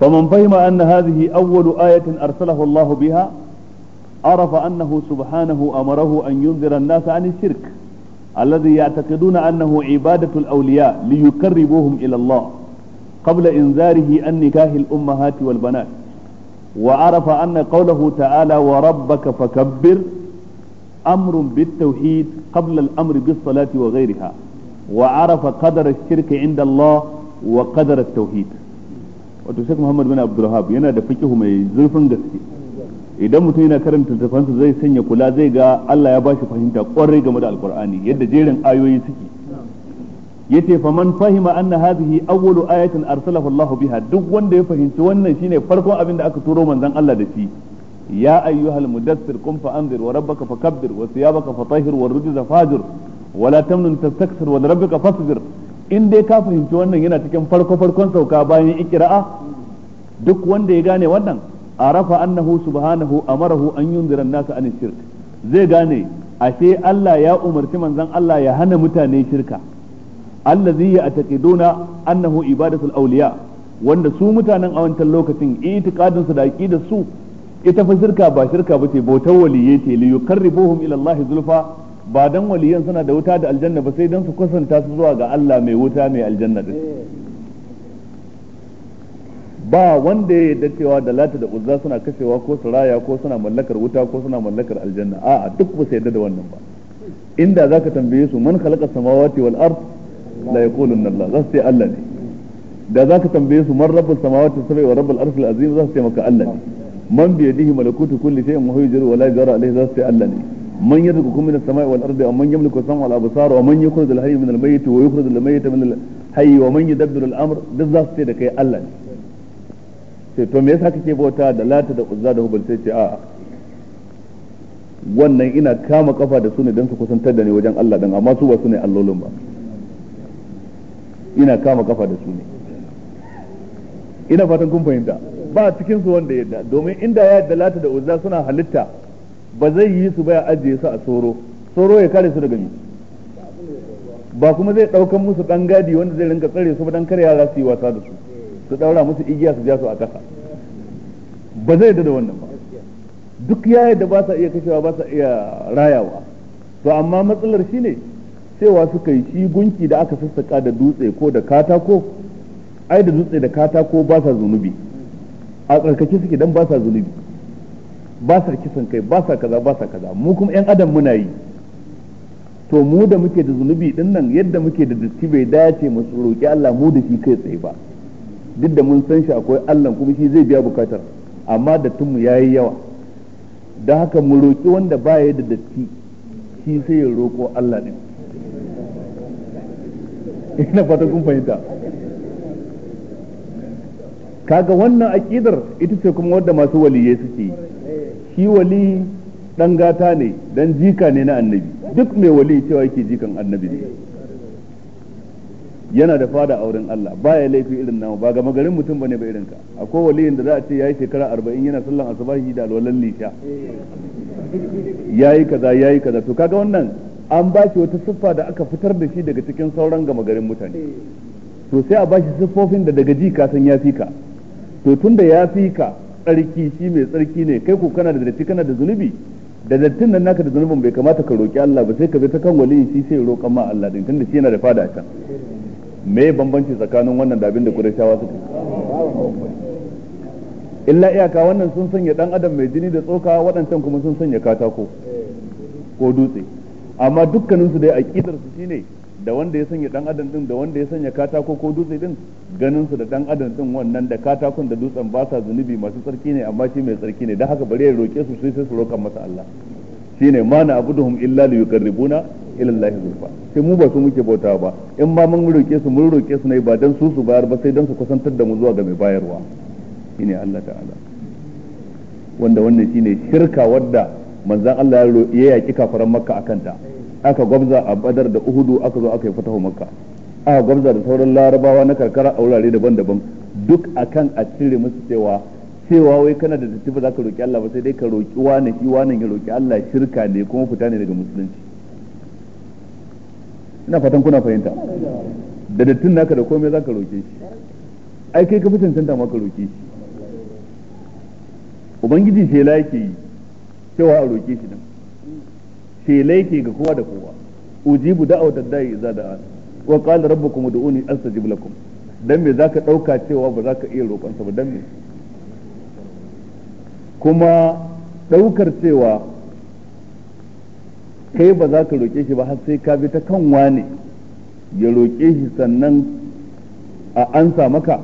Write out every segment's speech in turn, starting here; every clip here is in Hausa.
فمن فهم أن هذه أول آية أرسله الله بها عرف أنه سبحانه أمره أن ينذر الناس عن الشرك الذي يعتقدون أنه عبادة الأولياء ليقربوهم إلى الله قبل إنذاره عن نكاه الأمهات والبنات وعرف أن قوله تعالى وربك فكبر أمر بالتوحيد قبل الأمر بالصلاة وغيرها وعرف قدر الشرك عند الله وقدر التوحيد wato Sheikh Muhammad bin Abdul Wahhab yana da fiqh mai zurfin gaske idan mutum yana karanta tafansa zai sanya kula zai ga Allah ya ba shi fahimta kwarai game da alkur'ani yadda jerin ayoyi suke yace fa man fahima anna hadhihi awwalu ayatin arsalahu allahu biha duk wanda ya fahimci wannan shine farkon abin da aka turo manzon Allah da shi ya ayyuhal mudaththir kum fa anzir wa rabbaka fakabbir wa thiyabaka fatahhir wa rujza fajir wa la tamnun tastakthir wa rabbaka fasbir in dai ka fahimci wannan yana cikin farko farkon sauka bayan ikira'a duk wanda ya gane wannan arafa annahu subhanahu a amarahu an yunzira nasa anin shirk zai gane ashe Allah ya umarci manzan Allah ya hana mutane shirka zai yi a ya dona annahu ibadatul awliya wanda su mutanen a wancan lokacin itikadin su da su ita fa shirka ba shirka bace bautar waliyyai ce li yuqarribuhum ila Allah zulfa ba dan waliyan suna da wuta da aljanna ba sai dan su kusanta su zuwa ga Allah mai wuta mai aljanna din ba wanda ya yarda cewa da lata da uzza suna kashewa ko suraya raya ko suna mallakar wuta ko suna mallakar aljanna a'a duk ba su yarda da wannan ba inda zaka tambaye su man khalaqa samawati wal ard la yaqulun Allah za su ce Allah ne da zaka tambaye su man rabbus samawati sabai wa rabbul arshil azim za su ce maka Allah ne man bi yadihi malakutu kulli shay'in wa huwa wa la yajra alayhi za su ce Allah ne من يرزقكم من السماء والارض ومن يملك السمع والابصار ومن يخرج الحي من الميت ويخرج الميت من الحي ومن يدبر الامر duk za su الله سي تو ميسا كيكي بوتا to me yasa kake bauta da lata da uzza wannan ina kama kafa da su ne don su kusantar da ni wajen Allah dan amma su ba su ne allolin ba ina kama kafa da su ne ina fatan kun fahimta ba cikin su wanda yadda domin inda ya yadda lata da uzza suna halitta ba zai yi su ba ya ajiye su a tsoro tsoro ya kare su daga mi ba kuma zai daukan musu dan gadi wanda zai rinka tsare su ba dan kare yara su yi wasa da su su daura musu igiya su ja su a kasa ba zai yarda da wannan ba duk yaya da ba sa iya kashewa ba sa iya rayawa to amma matsalar shi shine cewa suka yi shi gunki da aka sassaka da dutse ko da katako ai da dutse da katako ba sa zunubi a tsarkake suke dan ba sa zunubi ba sa kisan kai ba sa kaza ba sa kaza mu kuma yan adam muna yi to mu da muke da zunubi din nan yadda muke da datti bai dace mu roƙi Allah mu da shi kai tsaye ba duk da mun san shi akwai Allah kuma shi zai biya bukatar amma tun mu yayi yawa dan haka mu roki wanda baya da datti shi sai ya roko Allah din ina fata kun fahimta kaga wannan aqidar ita ce kuma wanda masu waliyai suke yi shi wali dan gata ne dan jika ne na annabi duk mai wali cewa yake jikan annabi ne yana da fada a wurin Allah baya laifi irin namu ba ga magarin mutum bane ba irin ka akwai waliyin da za a ce yayi shekara 40 yana sallan asubahi da alwalan lisha yayi kaza yayi kaza to kaga wannan an ba shi wata siffa da aka fitar da shi daga cikin sauran gama garin mutane to sai a ba shi siffofin da daga ji san ya fi ka to tunda ya fi ka tsarki shi mai tsarki ne kai ko kana da datti kana da zunubi da dattin nan naka da zunubin bai kamata ka roki Allah ba sai ka bi ta kan waliyin shi sai roƙan ma Allah din tunda shi yana da fada a can me bambanci tsakanin wannan da abin da Qurayshawa suka illa iyaka wannan sun sanya dan adam mai jini da tsoka waɗancan kuma sun sanya katako ko dutse amma dukkaninsu dai aqidar su shine da wanda ya sanya dan adam din da wanda ya sanya katako ko dutse din ganin su da dan adam din wannan da katakon da dutsen ba sa zunubi masu tsarki ne amma shi mai tsarki ne dan haka bari ya roke su sai su roƙa masa Allah shine ma na abuduhum illa li yuqarribuna ila Allah zulfa sai mu ba su muke bautawa ba in ma mun roke su mun roke su ne ba dan su su bayar ba sai dan su kusantar da mu zuwa ga mai bayarwa shine Allah ta'ala wanda wannan shine shirka wadda manzon Allah ya yaki kafaran makka akan ta aka gwabza a badar da uhudu aka zo aka yi fatahu makka aka gwabza da sauran larabawa na karkara a wurare daban-daban duk akan a cire musu cewa cewa wai kana da tattifa za ka roƙi Allah ba sai dai ka roƙi wani shi wani ya roƙi Allah shirka ne kuma fita ne daga musulunci ina fatan kuna fahimta da dattin naka da komai za ka roƙe shi ai kai ka fi cancanta ma ka roƙe shi ubangiji shela yake yi cewa a roƙe shi nan shelai ga kowa da kowa ujibu da'aw da da'i idza da'an wa qala rabbukum ud'uni astajib lakum dan me zaka dauka cewa ba zaka iya roƙon sa ba dan me kuma daukar cewa kai ba za ka roƙe shi ba har sai ka bi ta kan wane ya roƙe shi sannan a ansa maka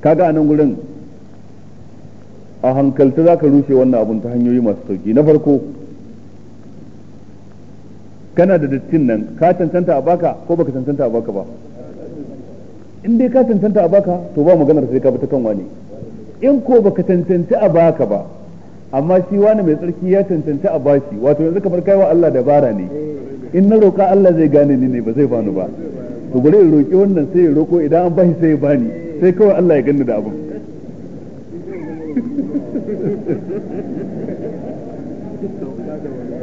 kaga a nan gurin a hankalta za ka rushe wannan abun ta hanyoyi masu sauki na farko kana da dattin nan ka cancanta a baka ko baka cancanta a baka ba in dai ka cancanta a baka to ba maganar sai ka bi ta kan wani in ko baka cancanci a baka ba amma shi wani mai tsarki ya cancanci a bashi wato yanzu kamar kai wa Allah dabara ne in na roƙa Allah zai gane ni ne ba zai bani ba to gure ya roƙi wannan sai ya roƙo idan an bashi sai ya bani sai kawai Allah ya ganni da abin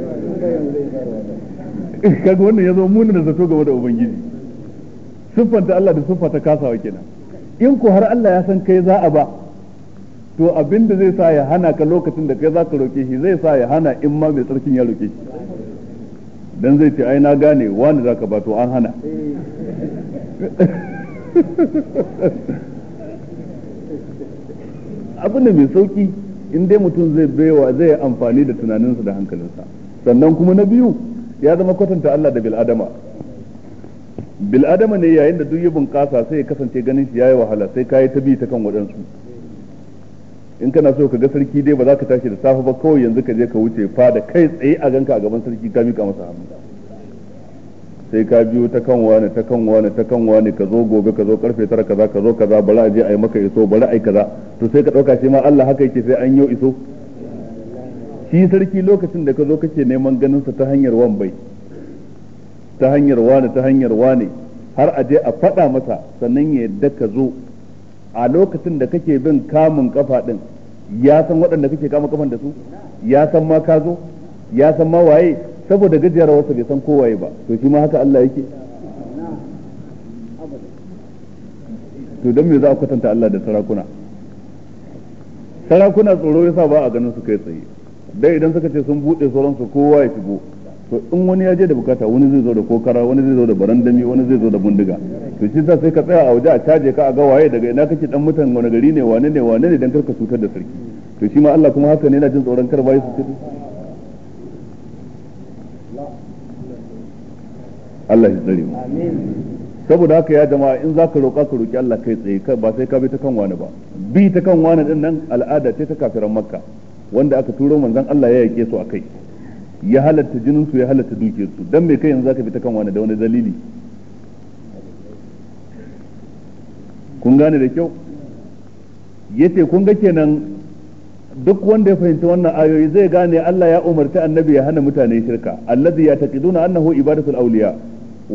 Thank you. kaga wannan ya zo munin da zato game da ubangiji siffanta Allah da siffa ta kasawa kenan in ko har Allah ya san kai za a ba to abin da zai sa ya hana ka lokacin da kai za ka roke shi zai sa ya hana in ma mai tsarkin ya roke shi dan zai ce ai na gane wani zaka ba to an hana abin da mai sauki in dai mutum zai baiwa zai amfani da tunaninsa da hankalinsa sannan kuma na biyu ya zama kwatanta Allah da bil'adama bil'adama ne yayin da duk ya bunƙasa sai ya kasance ganin shi yayi wahala sai kayi ta bi ta kan waɗansu in kana so ka ga sarki dai ba za ka tashi da safe ba kawai yanzu ka je ka wuce fa da kai tsaye a ganka a gaban sarki ka mika masa hannu sai ka biyo ta kan wani ta kan wani ta kan wani ka zo gobe ka zo karfe tara kaza ka zo kaza bari a je a yi maka iso bari a yi kaza to sai ka ɗauka shi ma Allah haka yake sai an yi iso shi sarki lokacin da ka zo kake neman ganin sa ta hanyar wan bai ta hanyar wane ta hanyar wane har a je a faɗa masa sannan ya yadda ka zo a lokacin da kake bin kamun kafa din ya san waɗanda kake kama kafan da su ya san ma ka zo ya san ma waye saboda gajiyar wasa bai san ko waye ba to shi ma haka Allah yake to don me za a kwatanta Allah da sarakuna sarakuna tsoro yasa ba a ganin su kai tsaye dai idan suka ce sun buɗe sauransu kowa ya shigo to in wani ya je da bukata wani zai zo da kokara wani zai zo da barandami wani zai zo da bindiga to shi sa sai ka tsaya a waje a caje ka a ga waye daga ina kake dan mutan wani gari ne wane ne wane ne dan karka cutar da sarki to shi ma Allah kuma haka ne yana jin tsoron kar bayi su cutu Allah ya tsare mu saboda haka ya jama'a in zaka roƙa ka roki Allah kai tsaye ba sai ka bi ta kan wani ba bi ta kan wani din nan al'ada ce ta kafiran makka wanda aka turo manzon Allah ya yake su akai ya halatta jinin su ya halatta duke su dan me kai yanzu zaka fita kan wani da wani dalili kun gane da kyau yace kun ga kenan duk wanda ya fahimci wannan ayoyi zai gane Allah ya umarta annabi ya hana mutane shirka allazi taqiduna annahu ibadatul awliya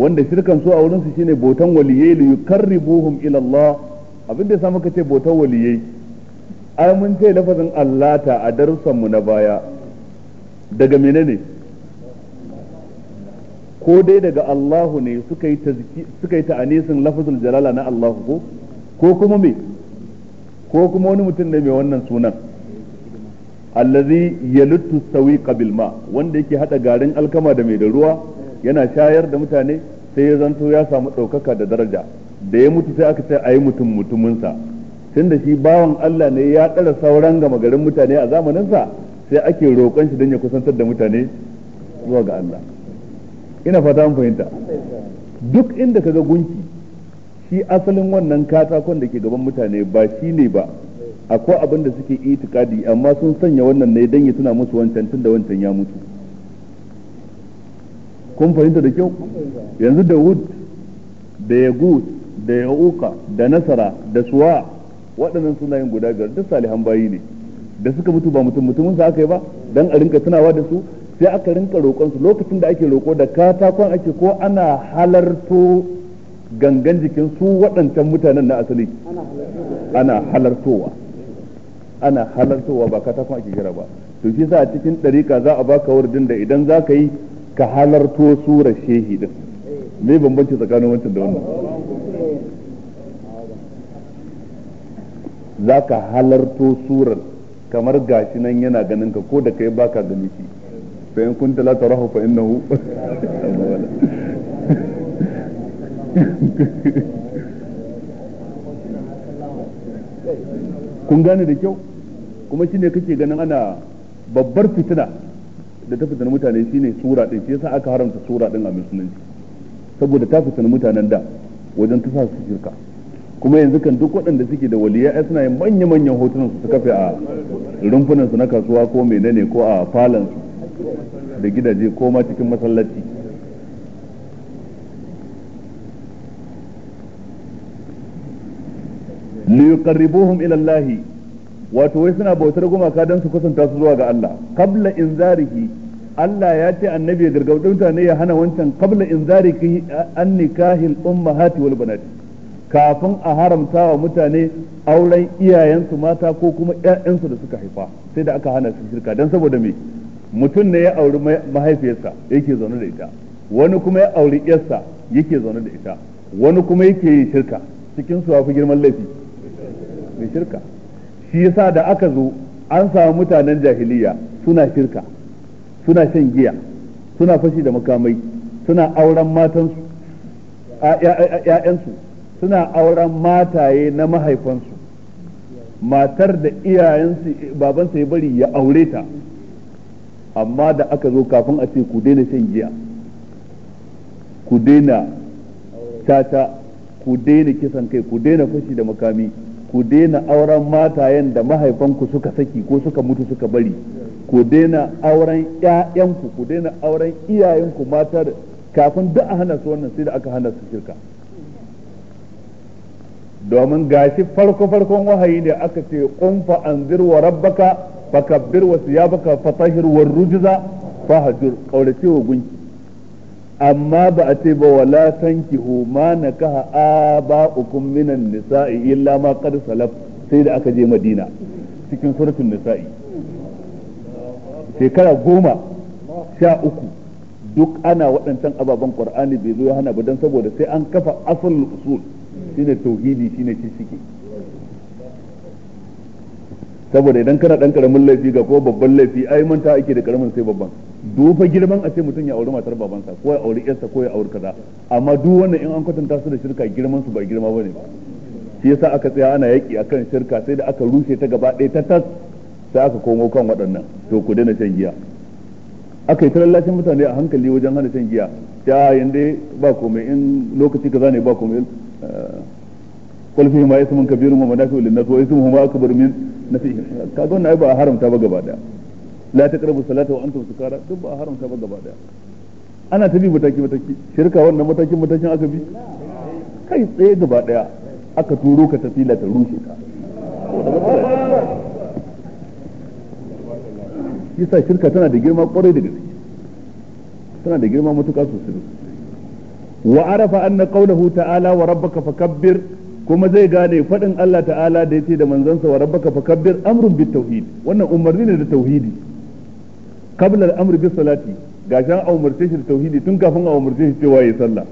wanda shirkan su a wurin su shine botan waliyai li yukarribuhum ila Allah abin da ya samu kace botan waliyai ai mun ce lafazin allata a darussan mu na baya daga menene ko dai daga Allahu ne suka yi suka yi ta'anisin jalala na Allahu ko ko kuma me ko kuma wani mutum ne mai wannan sunan allazi yaluttu sawiqa bil ma wanda yake hada garin alkama da mai da ruwa yana shayar da mutane sai ya zanto ya samu ɗaukaka da daraja da ya mutu sai aka ce ayi mutum mutuminsa tun da shi bawan Allah ne ya ɗara sauran gama garin mutane a zamaninsa sai ake roƙon shi don ya kusantar da mutane zuwa ga Allah ina fata an fahimta duk inda ka ga gunki shi asalin wannan katakon da ke gaban mutane ba shi ne ba akwai abin da suke itikadi amma sun sanya wannan ne don ya tuna musu wancan tun da wancan ya mutu kun fahimta da kyau yanzu da wud da yagut da ya uka da nasara da suwa waɗannan sunayen guda biyar duk salihan bayi ne da suka mutu ba mutum mutumin sa aka yi ba dan a rinka tunawa da su sai aka rinka roƙon su lokacin da ake roƙo da katakon ake ko ana halarto gangan jikin su waɗancan mutanen na asali ana halartowa ana halartowa ba katakon ake kira ba to shi sa a cikin ɗarika za a baka wurin da idan za ka yi ka halarto su rashe hidin eh. me bambanci tsakanin wancan da wannan eh. zaka halarto surar kamar gashi nan yana ganin ka ko da kai baka gani shi fa in kunta la tarahu fa innahu kun gane da kyau kuma shine kake ganin ana babbar fitina da ta fitina mutane shine sura din shi yasa aka haramta sura din a musulunci saboda ta fitina mutanen da wajen ta sa su shirka kuma yanzu kan duk waɗanda suke da waliya ai suna yin manya manyan hotunan su kafe a rumfunan su na kasuwa ko menene ko a falon su da gidaje ko ma cikin masallaci liyuqarribuhum ila Allah wato wai suna bautar gumaka dan su kusanta su zuwa ga Allah qabla inzarihi Allah ya ce annabi ya gargaɗa mutane ya hana wancan qabla inzarihi an nikahil ummahati wal banati kafin a haramta wa mutane auren iyayensu mata ko kuma ƴaƴansu da suka haifa sai da aka hana su shirka dan saboda me mutum ne ya auri mahaifiyarsa yake zaune da ita wani kuma ya auri ƴarsa yake zaune da ita wani kuma yake yi shirka cikin su fi girman laifi mai shirka shi yasa da aka zo an samu mutanen jahiliya suna shirka suna shan giya suna fashi da makamai suna auren matansu ‘ya'yansu suna auren mataye na mahaifansu matar da iyayensu babansa ya bari ya aure ta amma da aka zo kafin a ce ku daina shan giya ku daina tata ku daina kisan kai ku daina fashi da makami ku daina auren matayen da mahaifanku suka saki ko suka mutu suka bari ku daina auren ƴaƴanku ku daina auren iyayenku matar kafin duk a hana su wannan sai da aka hana su shirka domin gashi farko farkon wahayi ne aka ce kunfa fa anzir wa rabbaka fakabbir wa siyabaka fatahir wa rujza fahjur kaurace wa gunki amma ba a ce ba wala tankihu ma nakaha aba'ukum minan nisa'i illa ma qad salaf sai da aka je Madina cikin suratul nisa'i shekara goma sha uku duk ana waɗancan ababen qur'ani bai zo ya hana ba dan saboda sai an kafa aslul usul shine tauhidi shine shishike saboda idan kana dan karamin laifi ga ko babban laifi ai manta ake da karamin sai babban dufa girman a ce mutum ya auri matar babansa ko ya auri yarsa ko ya auri kaza amma duk wannan in an kwatanta su da shirka girman su ba girma bane shi yasa aka tsaya ana yaki akan shirka sai da aka rushe ta gaba ɗaya ta tas sai aka komo kan waɗannan to ku daina shan giya aka yi ta mutane a hankali wajen hana shan giya ta yanda ba komai in lokaci kaza ne ba komai kul fihi ma ismun kabirun wa manafi'u lin-nas wa ismuhuma akbar min nafi'ihim kaga wannan ai ba haramta ba gaba daya la taqrabu salata wa antum sukara duk ba haramta ba gaba daya ana ta mataki mataki shirka wannan matakin matakin aka bi kai tsaye gaba daya aka turo ka tafila ta rushe ka yasa shirka tana da girma kwarai da gaske tana da girma matuƙa sosai wa arafa anna qawluhu ta'ala wa rabbaka fakabbir kuma zai gane fadin Allah ta'ala da ya ce da manzansa wa rabbaka fakabbir amrun bit tauhid wannan umarni ne da tauhidi kablar al-amr bis salati gashan a umarce tauhidi tun kafin a umarce shi cewa ya sallah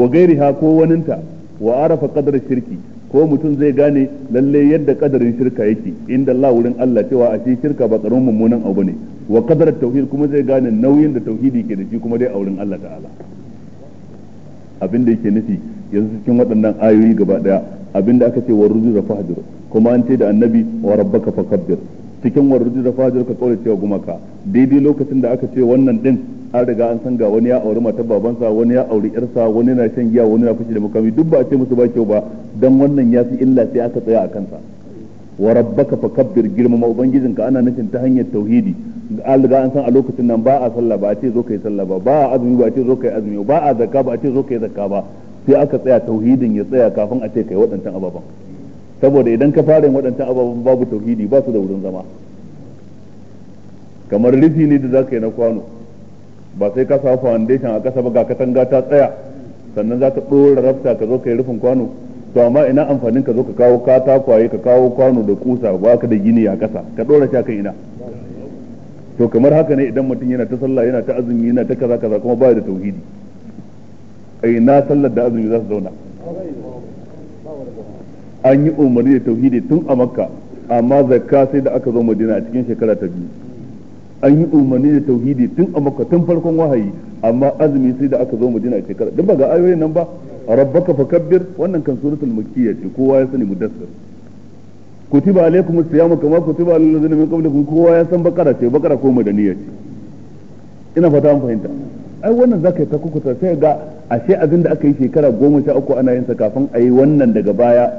wa gairiha ko waninta wa arafa shirki ko mutum zai gane lalle yadda kadarin shirka yake inda Allah wurin Allah cewa a shi shirka ba karamin mummunan abu ne wa qadar tauhid kuma zai gane nauyin da tauhidi ke da shi kuma dai a wurin Allah ta'ala abin da yake nufi yanzu cikin waɗannan ayoyi gaba ɗaya abin da aka ce wa rujuza fahjur kuma an ce da annabi wa rabbaka fakabbir cikin wa rujuza fahjur ka kaurace wa gumaka daidai lokacin da aka ce wannan din an riga an san ga wani ya auri mata babansa wani ya auri yarsa wani na shan giya wani na fashi da mukami duk ba a ce musu ba kyau ba dan wannan ya fi illa sai aka tsaya a kansa wa rabbaka fakabbir girmama ubangijinka ana nufin ta hanyar tauhidi alga an san a lokacin nan ba a sallah ba a ce zo kai sallah ba ba a azumi ba a ce zo kai azumi ba a zakka ba a ce zo kai zakka ba sai aka tsaya tauhidin ya tsaya kafin a ce kai waɗancan ababen saboda idan ka fara yin waɗancan ababen babu tauhidi ba su da wurin zama kamar rufi ne da za ka na kwano ba sai ka samu foundation a ƙasa ba ga katanga ta tsaya sannan za ka ɗora rafta ka zo kai rufin kwano to amma ina amfanin ka zo ka kawo katakwaye ka kawo kwano da kusa ba ka da gini a ƙasa ka ɗora shi kan ina to kamar haka ne idan mutum yana ta sallah yana ta azumi yana ta kaza kaza kuma baya da tauhidi ai na sallar da azumi za su zauna an yi umarni da tauhidi tun a makka amma zakka sai da aka zo madina a cikin shekara ta biyu an yi umarni da tauhidi tun a makka tun farkon wahayi amma azumi sai da aka zo madina a shekara duk ba ga ayoyin nan ba rabbaka fakabbir wannan kan suratul makkiyya ce kowa ya sani mudassir kutiba alaikum siyamu kama kutiba alal ladzina min qablikum kowa ya san bakara ce bakara ko madaniya ce ina fata an fahimta ai wannan zakai yi ta sai ga ashe abin da aka yi shekara goma sha uku ana yin sa kafin a yi wannan daga baya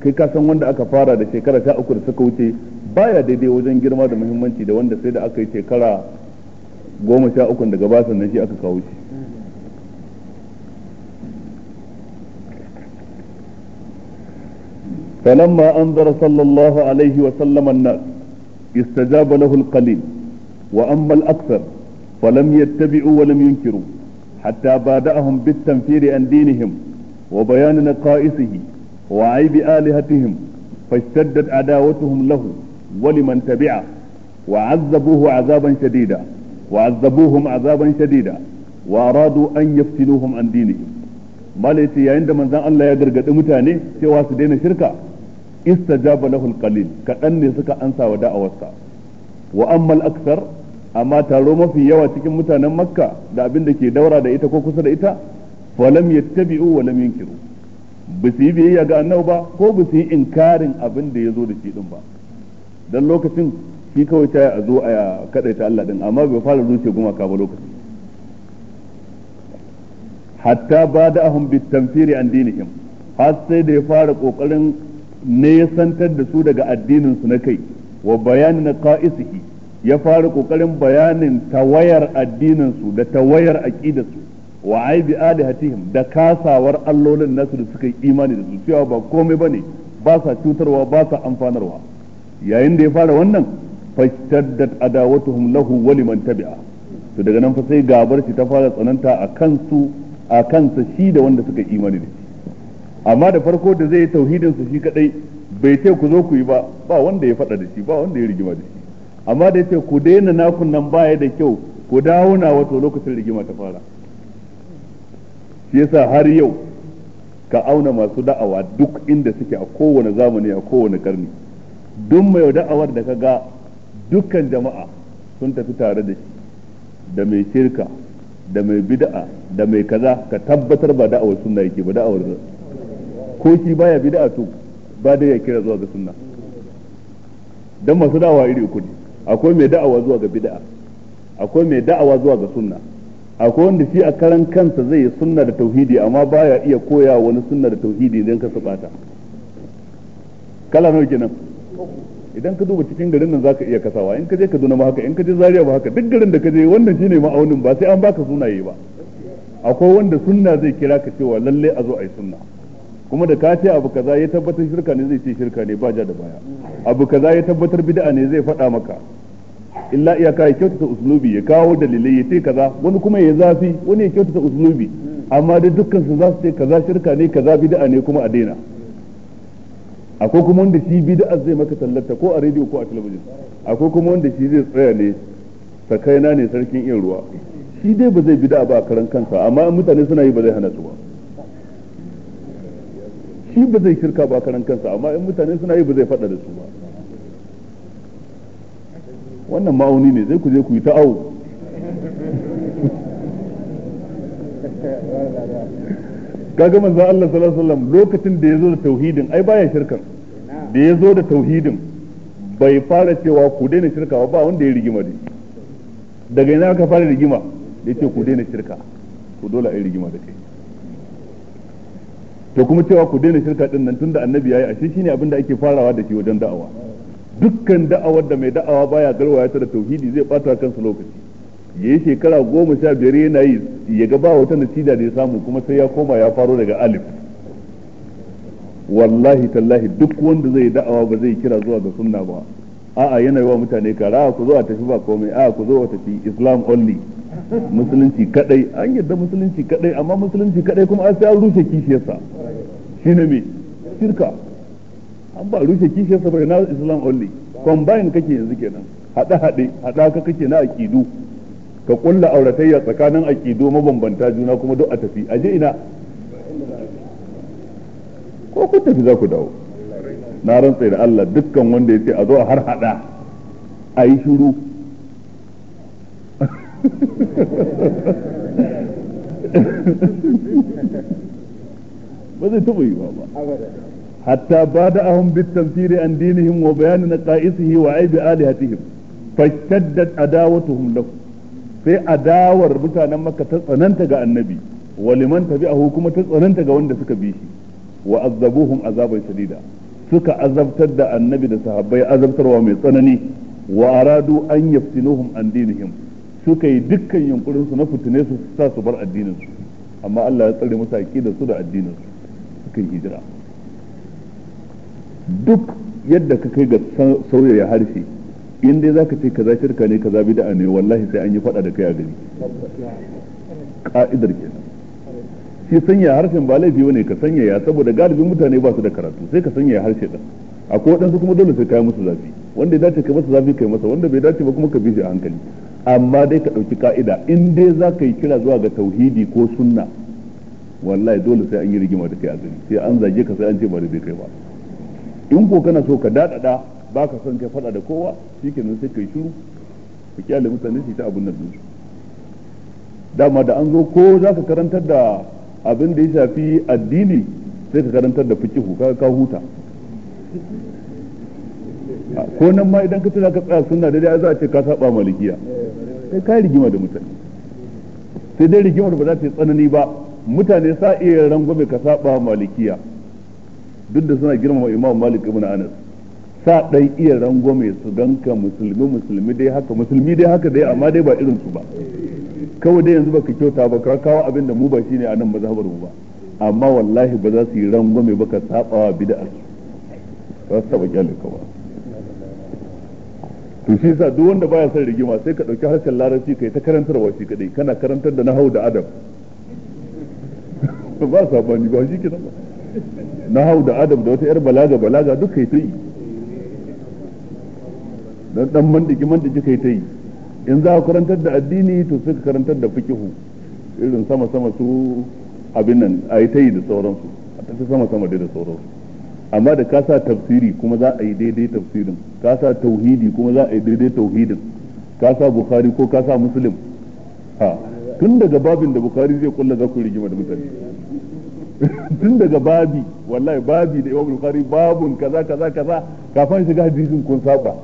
kai ka san wanda aka fara da shekara sha uku da suka wuce baya daidai wajen girma da muhimmanci da wanda sai da aka yi shekara goma sha uku daga basan sannan shi aka kawo shi فلما أنذر صلى الله عليه وسلم الناس استجاب له القليل وأما الأكثر فلم يتبعوا ولم ينكروا حتى بادأهم بالتنفير عن دينهم وبيان نقائصه وعيب آلهتهم فاشتدت عداوتهم له ولمن تبعه وعذبوه عذابا شديدا وعذبوهم عذابا شديدا وأرادوا أن يفتنوهم عن دينهم ما ليتي عند من ذا الله يدرق متاني سوى سدين شركه istajaba lahul qalil kadan ne suka ansa wa da'awarsa wa amma al-akthar amma taro mafi yawa cikin mutanen makka da abin da ke daura da ita ko kusa da ita fa lam yattabi'u wa lam yunkiru ba su yi biyayya ga annabi ba ko ba su yi inkarin abin da ya zo da shi din ba dan lokacin shi kawai ta a zo a kadaita Allah din amma bai fara zuce gumaka ba lokacin hatta bada'ahum bitamfiri an dinihim har sai da ya fara kokarin ne ya santar da su daga addinin su na kai wa bayanin qa'isihi ya fara kokarin bayanin tawayar addinin su da tawayar aqidar su wa aibi alihatihim da kasawar allolin nasu da suka yi imani da su cewa ba komai bane ba sa cutarwa ba sa amfanarwa yayin da ya fara wannan fashtaddat adawatuhum lahu wa liman tabi'a to daga nan fa sai gabar shi ta fara tsananta a kansu a kansa shi da wanda suka imani da shi amma da farko da zai yi tauhidin su shi kadai bai ce ku zo ku yi ba ba wanda ya faɗa da shi ba wanda ya rigima da shi amma da ce ku daina nakun nan baya da kyau ku dawo na wato lokacin rigima ta fara shi yasa har yau ka auna masu da'awa duk inda suke a kowane zamani a kowane karni duk mai da'awar da ka ga dukkan jama'a sun tafi tare da shi da mai shirka da mai bid'a da mai kaza ka tabbatar ba da'awar sunna yake ba da'awar ko shi baya bid'a to ba da ya kira zuwa ga sunna dan masu da'awa iri uku ne akwai mai da'awa zuwa ga bid'a akwai mai da'awa zuwa ga sunna akwai wanda shi a karan kansa zai yi sunna da tauhidi amma baya iya koya wani sunna da tauhidi idan ka sabata kala nawa kenan idan ka duba cikin garin nan zaka iya kasawa in ka je Kaduna ba haka in ka je Zaria ba haka duk garin da ka je wannan shine ma'aunin ba sai an baka sunaye ba akwai wanda sunna zai kira ka cewa lalle a zo a yi sunna kuma da ka ce abu kaza ya tabbatar shirka ne zai ce shirka ne ba ja da baya abu kaza ya tabbatar bid'a ne zai faɗa maka illa iyaka ya kyautata uslubi ya kawo dalilai ya ce kaza wani kuma ya zafi wani ya kyautata uslubi amma da dukkan su za su ce kaza shirka ne kaza bid'a ne kuma a daina akwai kuma wanda shi bid'a zai maka tallata ko a rediyo ko a talabijin akwai kuma wanda shi zai tsaya ne sakaina ne sarkin iya ruwa shi dai ba zai bid'a ba a karan kansa amma mutane suna yi ba zai hana su ba shi ba zai shirka ba karan kansa amma in mutane suna yi ba zai faɗa da su ba wannan ma'auni ne zai ku je ku yi ta awo kaga manzon Allah sallallahu alaihi wasallam lokacin da yazo da tauhidin ai baya shirkan da yazo da tauhidin bai fara cewa ku daina shirka ba wanda ya rigima da daga ina ka fara rigima da yace ku daina shirka to dole ai rigima da kai to kuma cewa ku daina shirka din nan tunda annabi yayi ashe shine abin da ake farawa da shi wajen da'awa dukkan da'awar da mai da'awa baya garwaya ta da tauhidi zai bata kansa lokaci yayi shekara goma sha biyar yana yi ya ga ba wata nasida da ya samu kuma sai ya koma ya faro daga alif wallahi tallahi duk wanda zai da'awa ba zai kira zuwa ga sunna ba a'a yana yi wa mutane kara ku zo a tafi ba komai a'a ku zo a tafi islam only musulunci kadai an yadda musulunci kadai amma musulunci kadai kuma sai an rushe kishiyarsa shine me shirka an ba rushe kishiyarsa ba na islam only combine kake yanzu kenan hada hade hada kake na akidu ka kulla auratayya tsakanin akidu mabambanta juna kuma duk a tafi aje ina ko ku tafi za ku dawo na rantsa da Allah dukkan wanda ya ce a zo a har hada a yi shiru ba zai taɓa yi ba hatta ba da ahun bitamfiri an dinihim wa bayani na ƙa'isihi wa aibi alihatihim fashtaddat adawatuhum lahu sai adawar mutanen maka ta tsananta ga annabi wa liman tabi'ahu kuma ta tsananta ga wanda suka bi shi wa azzabuhum azaban sadida suka azabtar da annabi da sahabbai azabtarwa mai tsanani wa aradu an yaftinuhum an dinihim suka yi dukkan yunkurin su na fitine su sa su bar addinin su amma Allah ya tsare musu aqida su da addinin su suka yi hijira duk yadda ka kai ga ya harshe in dai zaka ce kaza shirka ne kaza bid'a ne wallahi sai an yi fada da kai a gari ka'idar kenan shi sanya harshen ba laifi bane ka sanya ya saboda galibin mutane ba su da karatu sai ka sanya ya harshe din akwai wadansu kuma dole sai kai musu zafi wanda ya dace kai masa zafi kai masa wanda bai dace ba kuma ka bi shi a hankali amma dai ka ɗauki ka'ida in dai za ka yi kira zuwa ga tauhidi ko sunna wallahi dole sai an yi rigima da kai a gari sai an zage ka sai an ce ba da kai ba in ko kana so ka daɗaɗa ba ka son kai faɗa da kowa shi nan sai kai shiru ka kyale mutane su ta abin nan su dama da an zo ko za ka karantar da abin da ya shafi addini sai ka karantar da fikihu ka huta ko nan ma idan ka tuna ka tsaya sunna da dai za a ce ka saba malikiya sai ka rigima da mutane sai dai rigimar ba za ta yi tsanani ba mutane sa iya rangwame ka saba malikiya duk da suna girmama imam malik ibn anas sa dai iya rangwame su ganka musulmi musulmi dai haka musulmi dai haka dai amma dai ba irin su ba kawai dai yanzu baka kyauta ba ka kawo abin da mu ba shine a nan mazhabar mu ba amma wallahi ba za su yi rangwame ba ka saba wa bid'a ba su taba ba to shi sa duk wanda baya son rigima sai ka dauki harshen larabci kai ta karantarwa shi kadai kana karantar da nahau da adab ba sabani ba shi kenan nahau da adab da wata yar balaga balaga duk kai ta yi dan dan mandiki mandiki kai ta yi in za ka karantar da addini to sai ka karantar da fikihu irin sama sama su abin nan ayi ta yi da sauransu a tafi sama sama dai da sauransu amma da ka sa tafsiri kuma za a yi daidai tafsirin ka sa tauhidi kuma za a yi daidai tauhidin ka sa bukhari ko ka sa muslim ha tun daga babin da bukhari zai kulla za ku rigima da mutane tun daga babi wallahi babi da imam bukhari babun kaza kaza kaza kafin shiga hadisin kun saba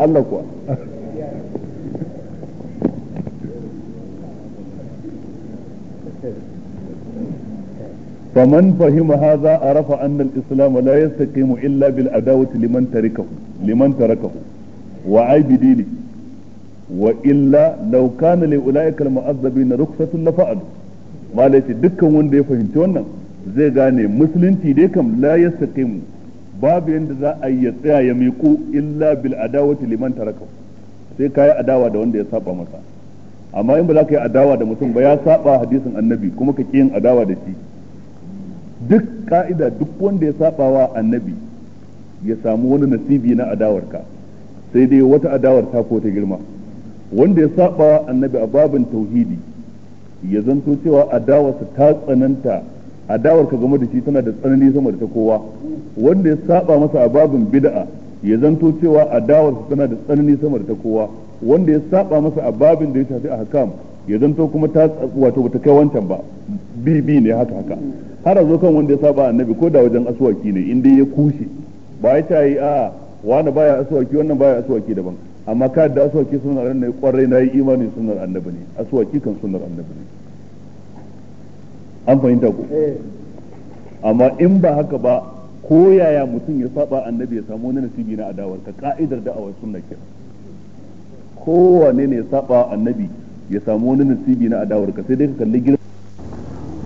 Allah kuwa faman fahima hadha arafa rafa al-islam la yastaqimu illa bil adawati liman tarakahu liman tarakahu wa aibidini wa illa law kana li ulaika al-mu'azzabin rukhsatun dukkan wanda ya fahimci wannan zai gane musulunci dai kam la yastaqimu babu yadda za a yi tsaya ya miƙu illa bil adawati liman tarakahu sai kai adawa da wanda ya saba masa amma in ba za ka yi adawa da mutum ba ya saba hadisin annabi kuma ka ki yin adawa da shi duk ka'ida duk wanda ya saba wa annabi ya samu wani nasibi na adawarka sai dai wata adawar ta ko ta girma wanda ya saba wa annabi a babin tauhidi ya zanto cewa adawarsa ta tsananta adawarka game da shi tana da tsanani sama da ta kowa wanda ya saba masa a babin bid'a ya zanto cewa adawarsa tana da tsanani sama da ta kowa wanda ya saba masa a babin da ya shafi a hakam ya zanto kuma ta wato bata kai wancan ba bibi ne haka haka har a zo kan wanda ya saba annabi ko da wajen asuwaki ne in dai ya kushe ba ya ta yi a wani baya asuwaki wannan baya asuwaki daban amma ka da asuwaki sunan annabi kwarai na yi imani sunan annabi ne asuwaki kan sunan annabi ne an fahimta ko eh. amma in ba haka ba ko yaya mutum ya saba annabi ya samu wani nasibi na adawar ka ka'idar da'awar sunna ko kowane ne ya saba annabi ya samu wani nasibi na adawar ka sai dai ka kalli girma.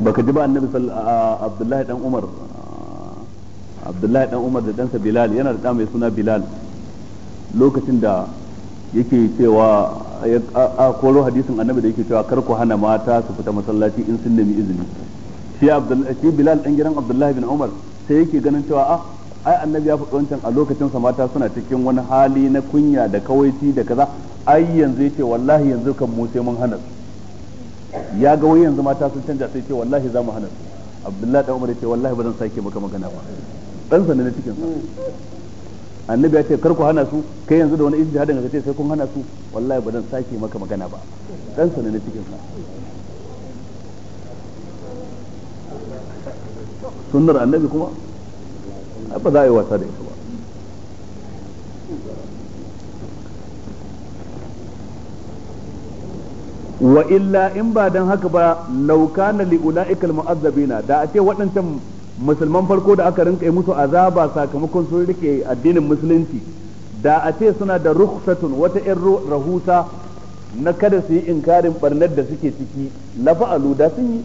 baka ji ba annabi abdullahi dan umar abdullahi dan umar da dansa bilal yana da mai suna bilal lokacin da yake cewa a koro hadisin annabi da yake cewa kar ku hana mata su fita masallaci in sun nemi izini shi abdullahi shi bilal dan gidan abdullahi bin umar sai yake ganin cewa a ah, ai annabi ya faɗi wancan a lokacin sa mata suna cikin wani hali na kunya da kawaici da kaza ai yanzu yace wallahi yanzu kan mu sai mun hana su ya ga wai yanzu mata sun canja sai ce wallahi za mu hana su abdullahi dan umar ya ce wallahi ba zan sake maka magana ba dan sanin na cikin sa annabi ya ce kar ku hana su kai yanzu da wani ijtihadin ka ce sai kun hana su wallahi ba zan sake maka magana ba dan sanin na cikin sa sunnar annabi kuma ba za a yi wasa da ita wa illa in ba dan haka ba lauka na li'ula'ikal mu'azzabina da a ce waɗancan musulman farko da aka rinka yi musu azaba sakamakon sun rike addinin musulunci da a ce suna da rukhsatun wata ƴar rahusa na kada su yi inkarin barnar da suke ciki lafa'alu da sun yi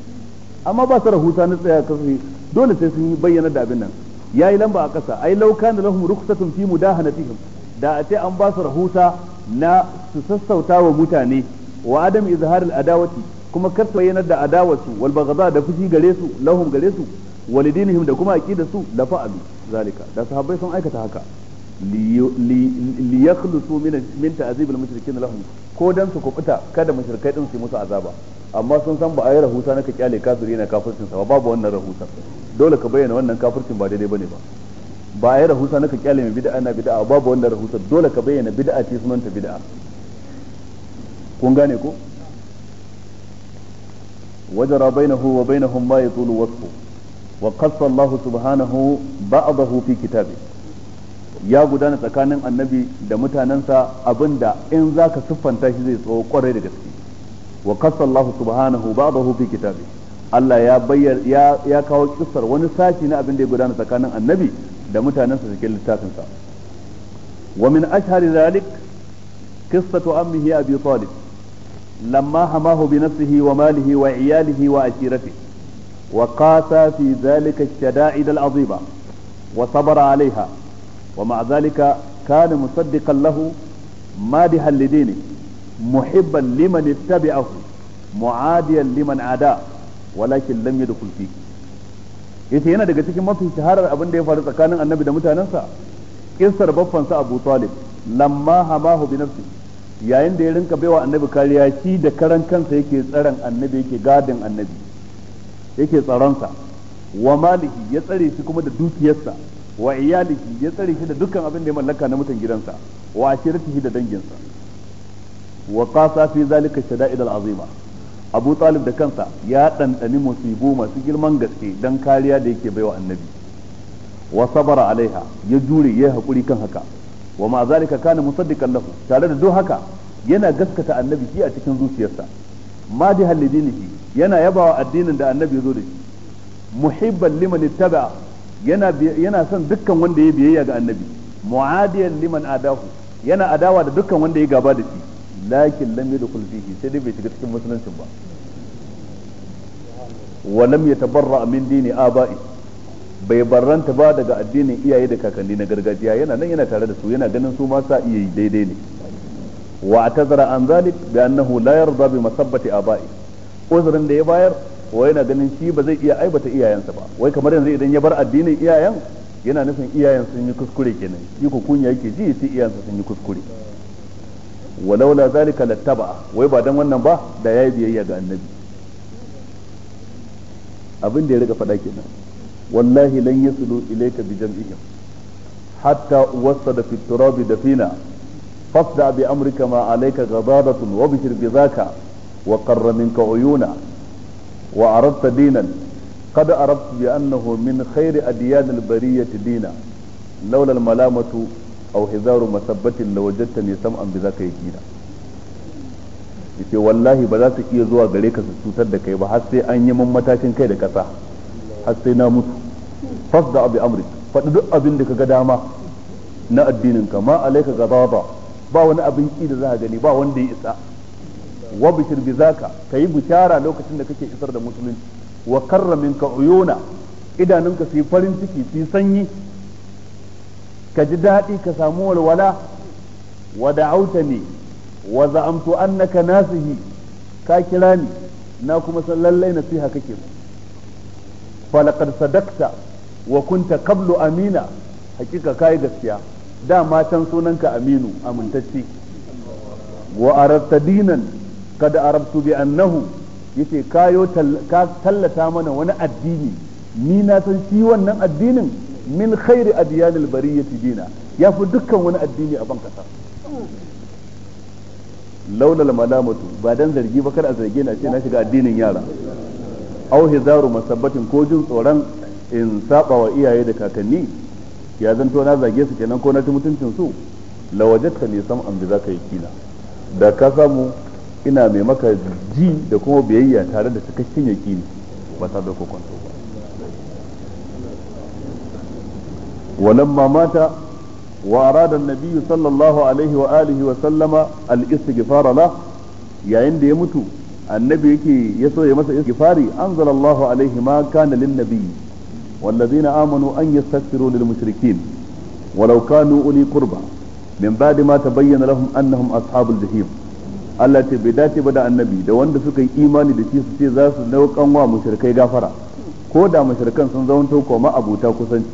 amma ba su rahusa na tsaya kasu dole sai sun yi bayyana da abin nan yayi lamba a ƙasa ai lauka na lahum rukhsatun fi mudahanatihim da a ce an ba su rahusa na su sassauta wa mutane wa adam izharil adawati kuma kar su bayyana da adawarsu wal baghdha da fushi gare su lahum gare su walidinihim da kuma aqida su la fa'alu zalika da sahabbai sun aikata haka li yakhlusu min min ta'zib al mushrikin lahum ko dan su kubuta kada mushrikai din su musu azaba amma sun san ba a yi rahusa naka kyale kafiri na kafircin sa babu wannan rahusa dole ka bayyana wannan kafircin ba daidai bane ba ba a yi rahusa naka kyale mai bid'a na bid'a babu wannan rahusa dole ka bayyana bid'a ce sunanta bid'a kun gane ko wajara bainahu wa bainahum ma yatulu wasfu wa qassa Allah subhanahu ba'dahu fi kitabi ya gudana tsakanin annabi da mutanansa abinda in zaka siffanta shi zai tsawo kwarai da gaske wa qassa Allah subhanahu ba'dahu fi kitabi Allah ya bayyana ya ya kawo kissar wani sashi na abin da ya gudana tsakanin annabi da mutanansa cikin littafinsa wa min ashhari zalik qissatu ammihi abi talib لما حماه بنفسه وماله وعياله وعشيرته وقاسى في ذلك الشدائد العظيمة وصبر عليها ومع ذلك كان مصدقا له مادحا لدينه محبا لمن اتبعه معاديا لمن عاداه ولكن لم يدخل فيه yace yana daga cikin mafi shaharar abin da ya faru tsakanin annabi da mutanensa kissar baffansa abu talib lamma hamahu bi nafsihi yayin da ya rinka baiwa annabi kariya shi da karan kansa yake tsaron annabi yake gadin annabi yake tsaronsa wa maliki ya tsare shi kuma da dukiyarsa wa iyaliki ya tsare shi da dukkan abin da ya mallaka na mutan gidansa wa ashiratihi da danginsa wa qasa fi zalika shada'id al'azima Abu Talib da kansa ya dandani musibu masu girman gaske dan kariya da yake baiwa annabi wa sabara alaiha ya jure ya hakuri kan haka wa ma zalika kana musaddiqan lahu tare da duk haka yana gaskata annabi shi a cikin zuciyarsa ma da shi yana yabawa addinin da annabi zo da shi muhibban liman ittaba yana yana son dukkan wanda ya biyayya ga annabi mu'adiyan liman adahu yana adawa da dukkan wanda ya gaba da shi lakin lam yadkhul fihi sai dai bai shiga cikin musulunci ba wa lam yatabarra min dini aba'i bai barranta ba daga addinin iyaye da kakanni na gargajiya yana nan yana tare da su yana ganin su ma sa iya yi daidai ne wa tazara an zalik bi annahu la yarda bi masabbati aba'i uzurin da ya bayar wai yana ganin shi ba zai iya aibata iyayensa ba wai kamar yanzu idan ya bar addinin iyayen yana nufin iyayen sun yi kuskure kenan shi ko kunya yake ji sai iyayen sun yi kuskure walau la zalika lattaba wai ba dan wannan ba da yayi biyayya ga annabi abin da ya riga faɗa kenan wallahi lan yasulu ilayka bi jam'ihim hatta wasada fi turabi dafina fasda bi amrika ma alayka ghadadatun wa bishir bi zaka wa qarra minka uyuna wa aradta dinan قد عرفت بأنه من خير أديان البرية دينا لولا الملامة أو حذار مثبة لوجدتني سمعا بذاك يجينا yace wallahi ba za su iya zuwa gare ka su cutar da kai ba har sai an yi matakin kai da ƙasa har sai na mutu fasda bi amri faɗi duk abin da kaga dama na addinin ka ma alaika gazaba ba wani abin ki da za gani ba wanda ya isa wa bishir bi zaka kayi bishara lokacin da kake isar da musulunci wa karra minka uyuna idanunka su yi farin ciki su yi sanyi ka ji daɗi ka samu walwala wa da'auta ne wa za'amtu annaka nasihi ka kira ni na kuma san lallai nasiha kake mu falaqad sadaqta wa kunta qablu amina hakika kai gaskiya da matan sunanka aminu amintacci wa arabta dinan kada arabtu bi annahu yace kayo ka tallata mana wani addini ni na san shi wannan addinin min khairi adyanil bariyati dina ya fi dukkan wani addini a ban kasa laulal malamatu ba dan zargi ba kar a zargi na ce na shiga addinin yara au hizaru masabbatin ko jin tsoron in saba wa iyaye da kakanni ya zanto na zage su kenan ko na ta mutuncin su lawajatta ne sam an bi zaka yi kila da ka samu ina mai maka ji da kuma biyayya tare da cikakken yakini ba ta da kokonto ba walamma mata wa arada sallallahu alaihi wa alihi wa sallama al-istighfar la yayin da ya mutu annabi yake ya so ya masa istighfari anzalallahu alaihi ma kana lin nabiyyi والذين آمنوا أن يستكبروا للمشركين ولو كانوا أولي قربى من بعد ما تبين لهم أنهم أصحاب الجحيم Allah ce bai dace ba da annabi da wanda suka yi imani da shi su ce za su naukan wa gafara ko da mushrikan sun zaunto ko ma abuta kusanci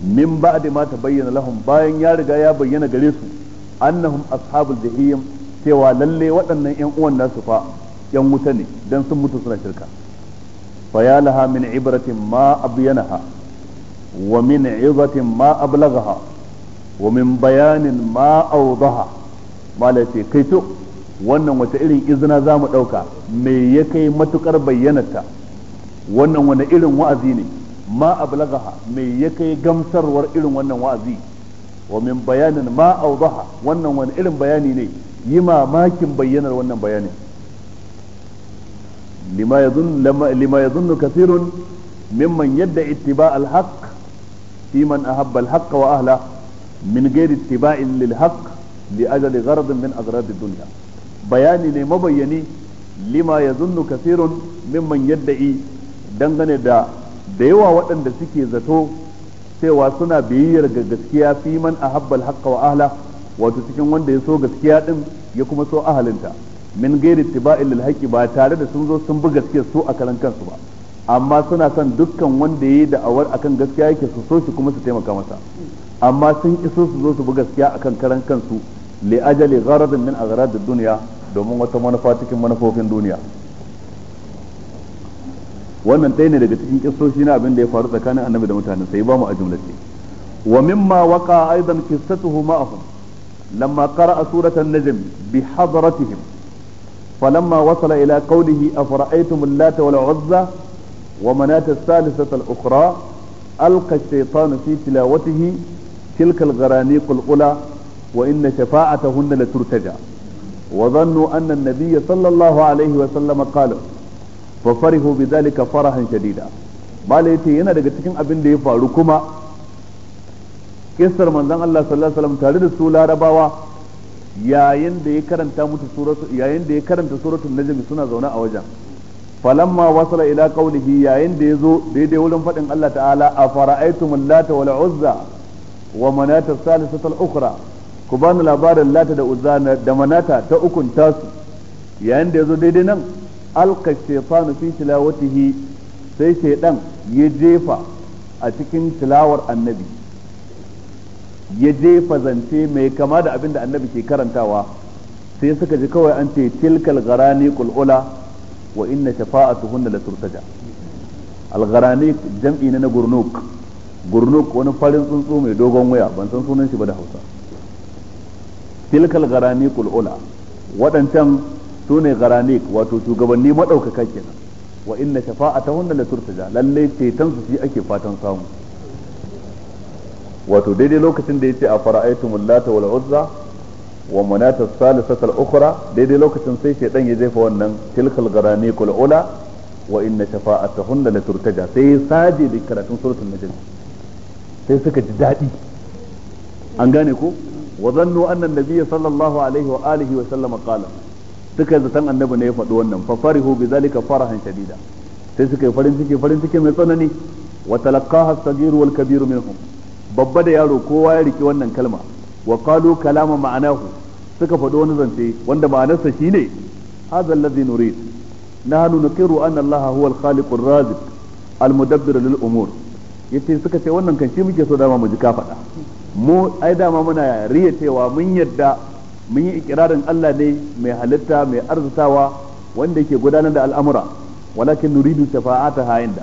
min ba'di ma tabayyana lahum bayan ya riga ya bayyana gare su annahum ashabul jahim cewa lalle waɗannan ƴan uwan nasu fa ƴan wuta ne dan sun mutu suna shirka فيا لها من عبرة ما أبينها ومن عظة ما أبلغها ومن بيان ما أوضحها ما التي كيتو wannan wata irin izina za mu ɗauka me ya kai matukar bayyanarta wannan wani irin wa'azi ne ma ablagaha me ya kai gamsarwar irin wannan wa'azi wa min bayanin ma audaha wannan wani irin bayani ne yi mamakin bayyanar wannan bayanin lima yadhun lima yadhunnu kathirun mimman yadda ittiba' al fi man ahabba al-haqq wa ahla min ghairi ittiba'in lil-haqq li ajali min aghrad ad-dunya bayani ne mabayyani lima yadhunnu kathirun mimman yadda'i dangane da da yawa waɗanda suke zato cewa suna biyayyar ga gaskiya fi man ahabba al-haqq wa ahla wato cikin wanda ya so gaskiya ɗin ya kuma so ahalinta min gairi tiba'il lil ba tare da sun zo sun bi gaskiya su a karan kansu ba amma suna son dukkan wanda yi da'awar akan gaskiya yake su so shi kuma su taimaka masa amma sun iso su zo su bi gaskiya akan karan kansu li ajali gharadin min agharadid duniya domin wata manufa cikin manufofin duniya wannan ɗaya ne daga cikin kissoshi na abin da ya faru tsakanin annabi da mutanen sai ba mu a jumlace wa mimma waqa aidan qissatuhu ma'ahum lamma qara'a suratan najm bi hadratihim فلما وصل إلى قوله أفرأيتم اللات والعزى ومناة الثالثة الأخرى ألقى الشيطان في تلاوته تلك الغرانيق الأولى وإن شفاعتهن لترتجى وظنوا أن النبي صلى الله عليه وسلم قال ففرحوا بذلك فرحا شديدا bala yace yana daga cikin abin da ya faru kuma kissar manzon Allah sallallahu alaihi wasallam tare da su larabawa yayin da ya karanta mutu suratu yayin da ya karanta suratul najm suna zaune a wajen falamma wasala ila qawlihi yayin da yazo daidai wurin fadin Allah ta'ala afara'aytum lata wal uzza wa manata salisata al ukhra ku bani labarin lata da uzza da manata ta ukun tasu yayin da yazo daidai nan alqa shaytanu fi tilawatihi sai shaydan ya jefa a cikin tilawar annabi ya je zance mai kama da abin da annabi ke karantawa sai suka ji kawai an ce tilkal gharani qul'ula wa inna shafa'atuhunna la turtaja al gharani jam'i na gurnuk gurnuk wani farin tsuntsu mai dogon waya ban san sunan shi ba da Hausa tilkal gharani qul'ula waɗancan su ne gharani wato shugabanni madaukaka kenan wa inna shafa'atuhunna la turtaja lalle ceton su shi ake fatan samu wato daidai lokacin da ya ce a fara'aitu allata wal uzza wa manata salisata al-ukhra daidai lokacin sai shedan ya jefa wannan tilkal garanikul ula wa inna shafa'atahunna la turtaja sai ya saje da karatun suratul najm sai suka ji dadi an gane ko wa zannu anna an sallallahu alaihi wa alihi wa sallama qala suka san annabi ne ya faɗi wannan fa farihu bi zalika farahan shadida sai suka yi farin ciki farin ciki mai tsanani wa talaqaha as-sagir wal kabir minhum babba da yaro kowa ya riki wannan kalma wa qalu kalama ma'anahu suka faɗo wani zance wanda ma'anarsa shine hadha alladhi nurid nahnu nuqiru anna allaha huwa al-khaliqur raziq al-mudabbir lil umur yace suka ce wannan kan shi muke so dama mu ji ka faɗa mu ai dama muna riya cewa mun yadda mun yi ikirarin Allah ne mai halitta mai arzutawa wanda yake gudanar da al'amura walakin nuridu shafa'ataha inda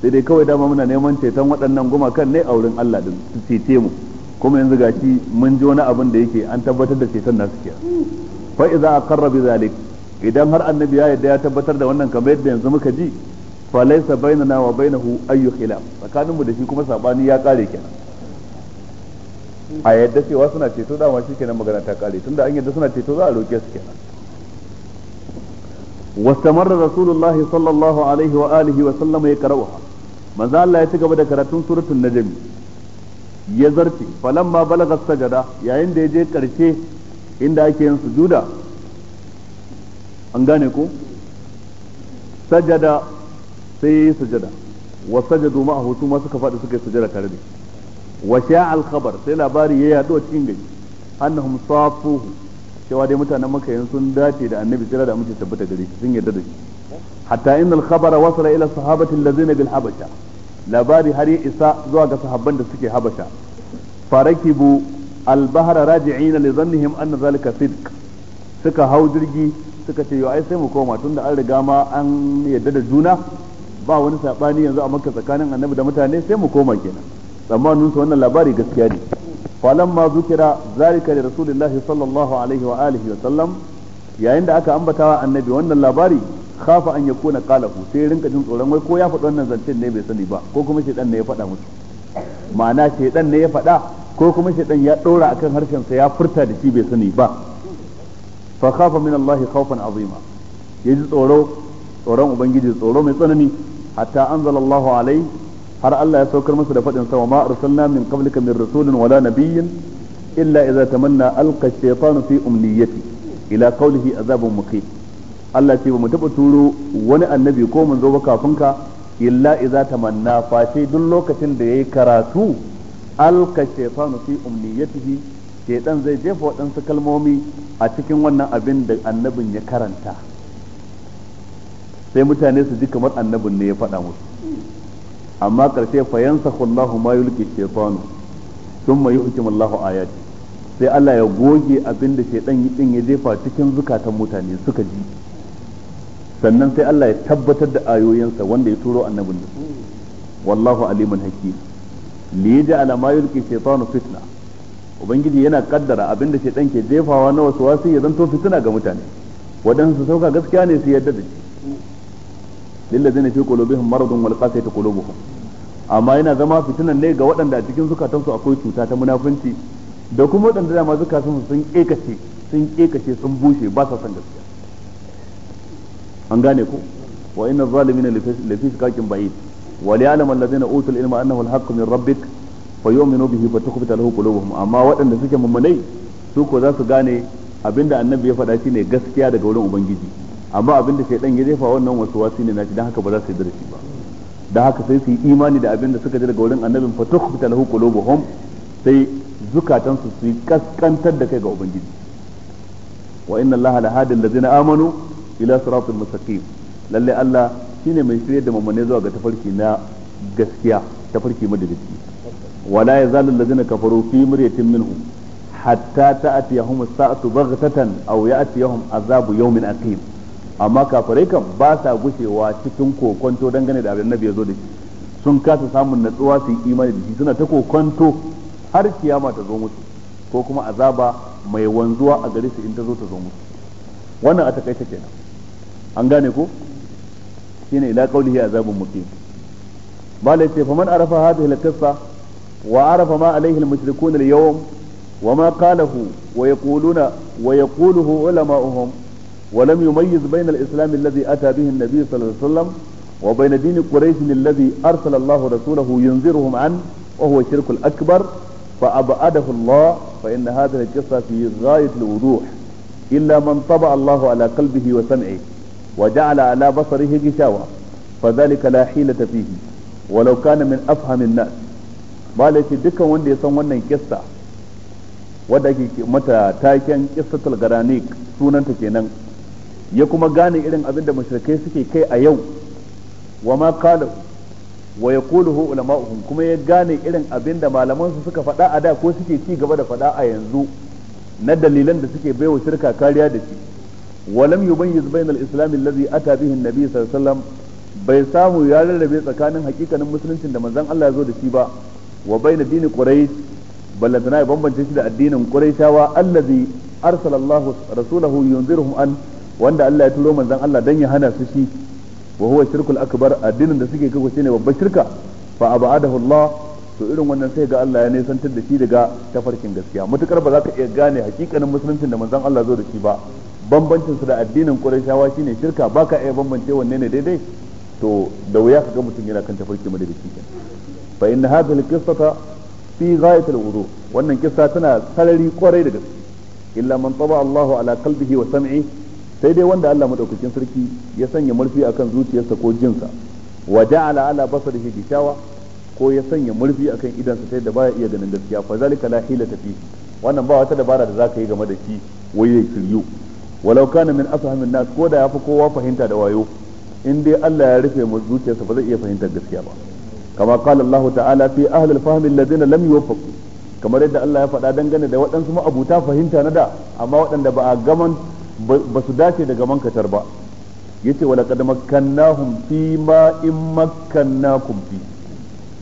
sai dai kawai dama muna neman ceton waɗannan gumakan ne a wurin Allah din su cece mu kuma yanzu gashi mun ji wani abin da yake an tabbatar da ceton nasu ke fa idza aqarra bi zalik idan har annabi ya yadda ya tabbatar da wannan kamar yadda yanzu muka ji fa laysa bainana wa bainahu ayyu khilaf tsakanin mu da shi kuma sabani ya kare kenan a yadda cewa suna ceto dama shi kenan magana ta kare tunda an yadda suna ceto za a roke su kenan واستمر رسول الله صلى الله عليه وآله وسلم يقرأها manzo Allah ya ci gaba da karatun suratul najm ya zarce falamma balagha sajada yayin da ya je karshe inda ake yin sujuda an gane ko sajada sai yi sujada wa sajadu ma su ma suka faɗi suka yi sujada tare da wa sha'a al-khabar sai labari ya yaɗu a cikin gari annahum safuhu cewa dai mutanen makayin sun dace da annabi tsira da muke tabbata gare shi sun yarda da shi hatta inna al-khabara wasala sahabatin sahabati allazina habasha labari har ya isa zuwa ga sahabban da suke habasha farakibu al-bahra raji'ina li dhannihim anna zalika sidq suka hau jirgi suka ce ai sai mu koma tunda an riga ma an yadda da juna ba wani sabani yanzu a makka tsakanin annabi da mutane sai mu koma kenan tsammanin su wannan labari gaskiya ne ma zukira zalika li rasulillahi sallallahu alaihi wa alihi wa sallam yayin da aka ambatawa annabi wannan labari khafa an yakuna qalahu sai rinka jin tsoron wai ko ya faɗi wannan zancen ne bai sani ba ko kuma shedan ne ya faɗa musu ma'ana shedan ne ya faɗa ko kuma shedan ya ɗora akan harshen sa ya furta da shi bai sani ba fa khafa min Allah khawfan azima yaji tsoro tsoron ubangiji tsoro mai tsanani hatta anzalallahu alai har Allah ya saukar masa da faɗin sama ma arsalna min qablika min rasulin wala nabiyyin illa idza tamanna alqa shaytanu fi umniyati ila qawlihi azabun muqim Allah ce ba mu taɓa turo wani annabi ko mun zo ba kafin ka illa iza tamanna face duk lokacin da yayi karatu alka shaytanu fi umniyatihi shaytan zai jefa waɗansu kalmomi a cikin wannan abin da annabin ya karanta sai mutane su ji kamar annabin ne ya faɗa musu amma karshe fa yansakhu Allahu ma yulki shaytanu thumma yuhkimu Allahu ayati sai Allah ya goge abin da shaytan yin ya jefa cikin zukatan mutane suka ji sannan sai Allah ya tabbatar da ayoyinsa wanda ya turo annabin da su wallahu alimun hakim li yaj'ala ma yulqi shaytanu fitna ubangiji yana kaddara abinda shaytan ke jefawa na wasu wasu ya zanto fitina ga mutane wadansu sauka gaskiya ne su yadda da shi lillazina fi qulubihim maradun wal qasat qulubuhum amma yana zama fitinan ne ga waɗanda a cikin zukatansu akwai cuta ta munafunci da kuma waɗanda dama zukatan sun kekace sun kekace sun bushe ba sa son gaskiya an gane ko wa inna zalimina lafi shikakin ba'id wa li'alama alladhina utul ilma annahu al min rabbik fa yu'minu bihi fa tukhbita lahu qulubuhum amma waɗanda suke mummunai su ko za su gane abinda annabi ya faɗa shine gaskiya daga wurin ubangiji amma abinda shaydan ya jefa wannan wasu wasi ne nashi dan haka ba za su yi darasi ba da haka sai su yi imani da abinda suka ji daga wurin annabin fa tukhbita lahu qulubuhum sai zukatansu su yi kaskantar da kai ga ubangiji wa inna allaha la hadil ladina amanu ila siratul mustaqim lalle Allah shine mai shirye da mamane zuwa ga tafarki na gaskiya tafarki madadaci wala yazalu ladina kafaru fi miryatin minhu hatta ta'tiyahum as-sa'atu baghtatan aw ya'tiyahum azabu yawmin aqim amma kafirai kan ba sa gushewa cikin kokonto dangane da annabi yazo da shi sun kasa samun natsuwa su yi imani da shi suna ta kokonto har kiyama ta zo musu ko kuma azaba mai wanzuwa a gare su in ta zo ta zo musu wannan a takaice kenan an gane ko shine ila qawlihi azabun muqim bal yace faman arafa hadhihi al-qissa wa arafa ma alayhi al-mushrikun al-yawm wa ma qalahu wa yaquluna wa yaquluhu ulama'uhum wa lam yumayyiz bayna al-islam alladhi ata bihi an-nabi sallallahu alayhi wa bayna din quraish alladhi arsala Allahu rasulahu yunzirahum an wa huwa shirkul akbar fa ab'adahu Allah fa inna hadhihi al-qissa fi ghayat al-wuduh illa man taba Allahu ala qalbihi wa sam'ihi وجعل على بصره غشاوة فذلك لا حيلة فيه ولو كان من أفهم الناس بالتي دكا وندي يسان wannan kissa wadda ake mata taken qissatul garanik sunanta kenan ya kuma gane irin abin da suke kai a yau wa ma qala wa yaquluhu ulama'uhum kuma ya gane irin abinda da malaman su suka faɗa a da ko suke ci gaba da faɗa a yanzu na dalilan da suke baiwa shirka kariya da shi ولم يميز بين الإسلام الذي أتى به النبي صلى الله عليه وسلم bai samu ya rarrabe tsakanin hakikanin musuluncin da manzon Allah ya zo da shi ba wa bayna dini quraish ballantana ya bambance shi da addinin quraishawa allazi arsala Allah rasulahu yunzirhum an wanda Allah ya turo manzon Allah dan ya hana su shi wa huwa shirkul akbar addinin da suke kago shine babbar shirka fa abadahu Allah to irin wannan sai ga Allah ya nisantar da shi daga tafarkin gaskiya mutukar ba za ka iya gane hakikanin musuluncin da manzon Allah zo da shi ba bambancin su da addinin Qurayshawa shine shirka baka iya bambance wanne ne daidai to da wuya ka ga mutum yana kan tafarki mu da cikin fa inna hadhihi alqissata fi ghayatil wudu wannan kissa tana sarari kwarai da gaske illa man taba Allahu ala qalbihi wa sam'i sai dai wanda Allah madaukakin sarki ya sanya murfi akan zuciyarsa ko jinsa wa ja'ala ala basarihi gishawa ko ya sanya murfi akan idansa sai da baya iya ganin gaskiya fa zalika la hilata fi wannan ba wata dabara da zaka yi game da shi wai ya kiryu walau kana min ashamin nas ko da yafi kowa fahimta da wayo in dai Allah ya rufe mu zuciyarsa ba zai iya fahimtar gaskiya ba kama qala Allah ta'ala fi ahli al-fahm alladhina lam yuwaffaqu kamar yadda Allah ya faɗa dangane da waɗansu ma'abuta fahimta na da amma waɗanda ba a gaman ba su dace da gaman katar ba yace wala qad makkannahum fi ma in makkannakum fi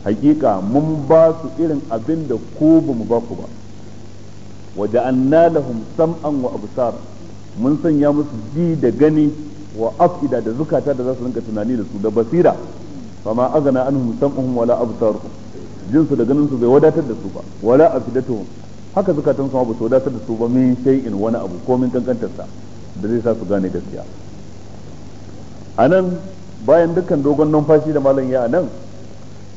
haƙiƙa mun ba su irin abin da ku ba mu ba ku ba wa ja'alna lahum sam'an wa absara mun sanya musu ji da gani wa afida da zukata da za su rinka tunani da su da basira ma azana anhum sam'uhum wala absaruhum jinsu da ganin su bai wadatar da su ba wala afidatuhum haka zukatan su ba su wadatar da su ba min shay'in wani abu ko min kankantar sa da zai sa su gane gaskiya anan bayan dukkan dogon numfashi da malam ya anan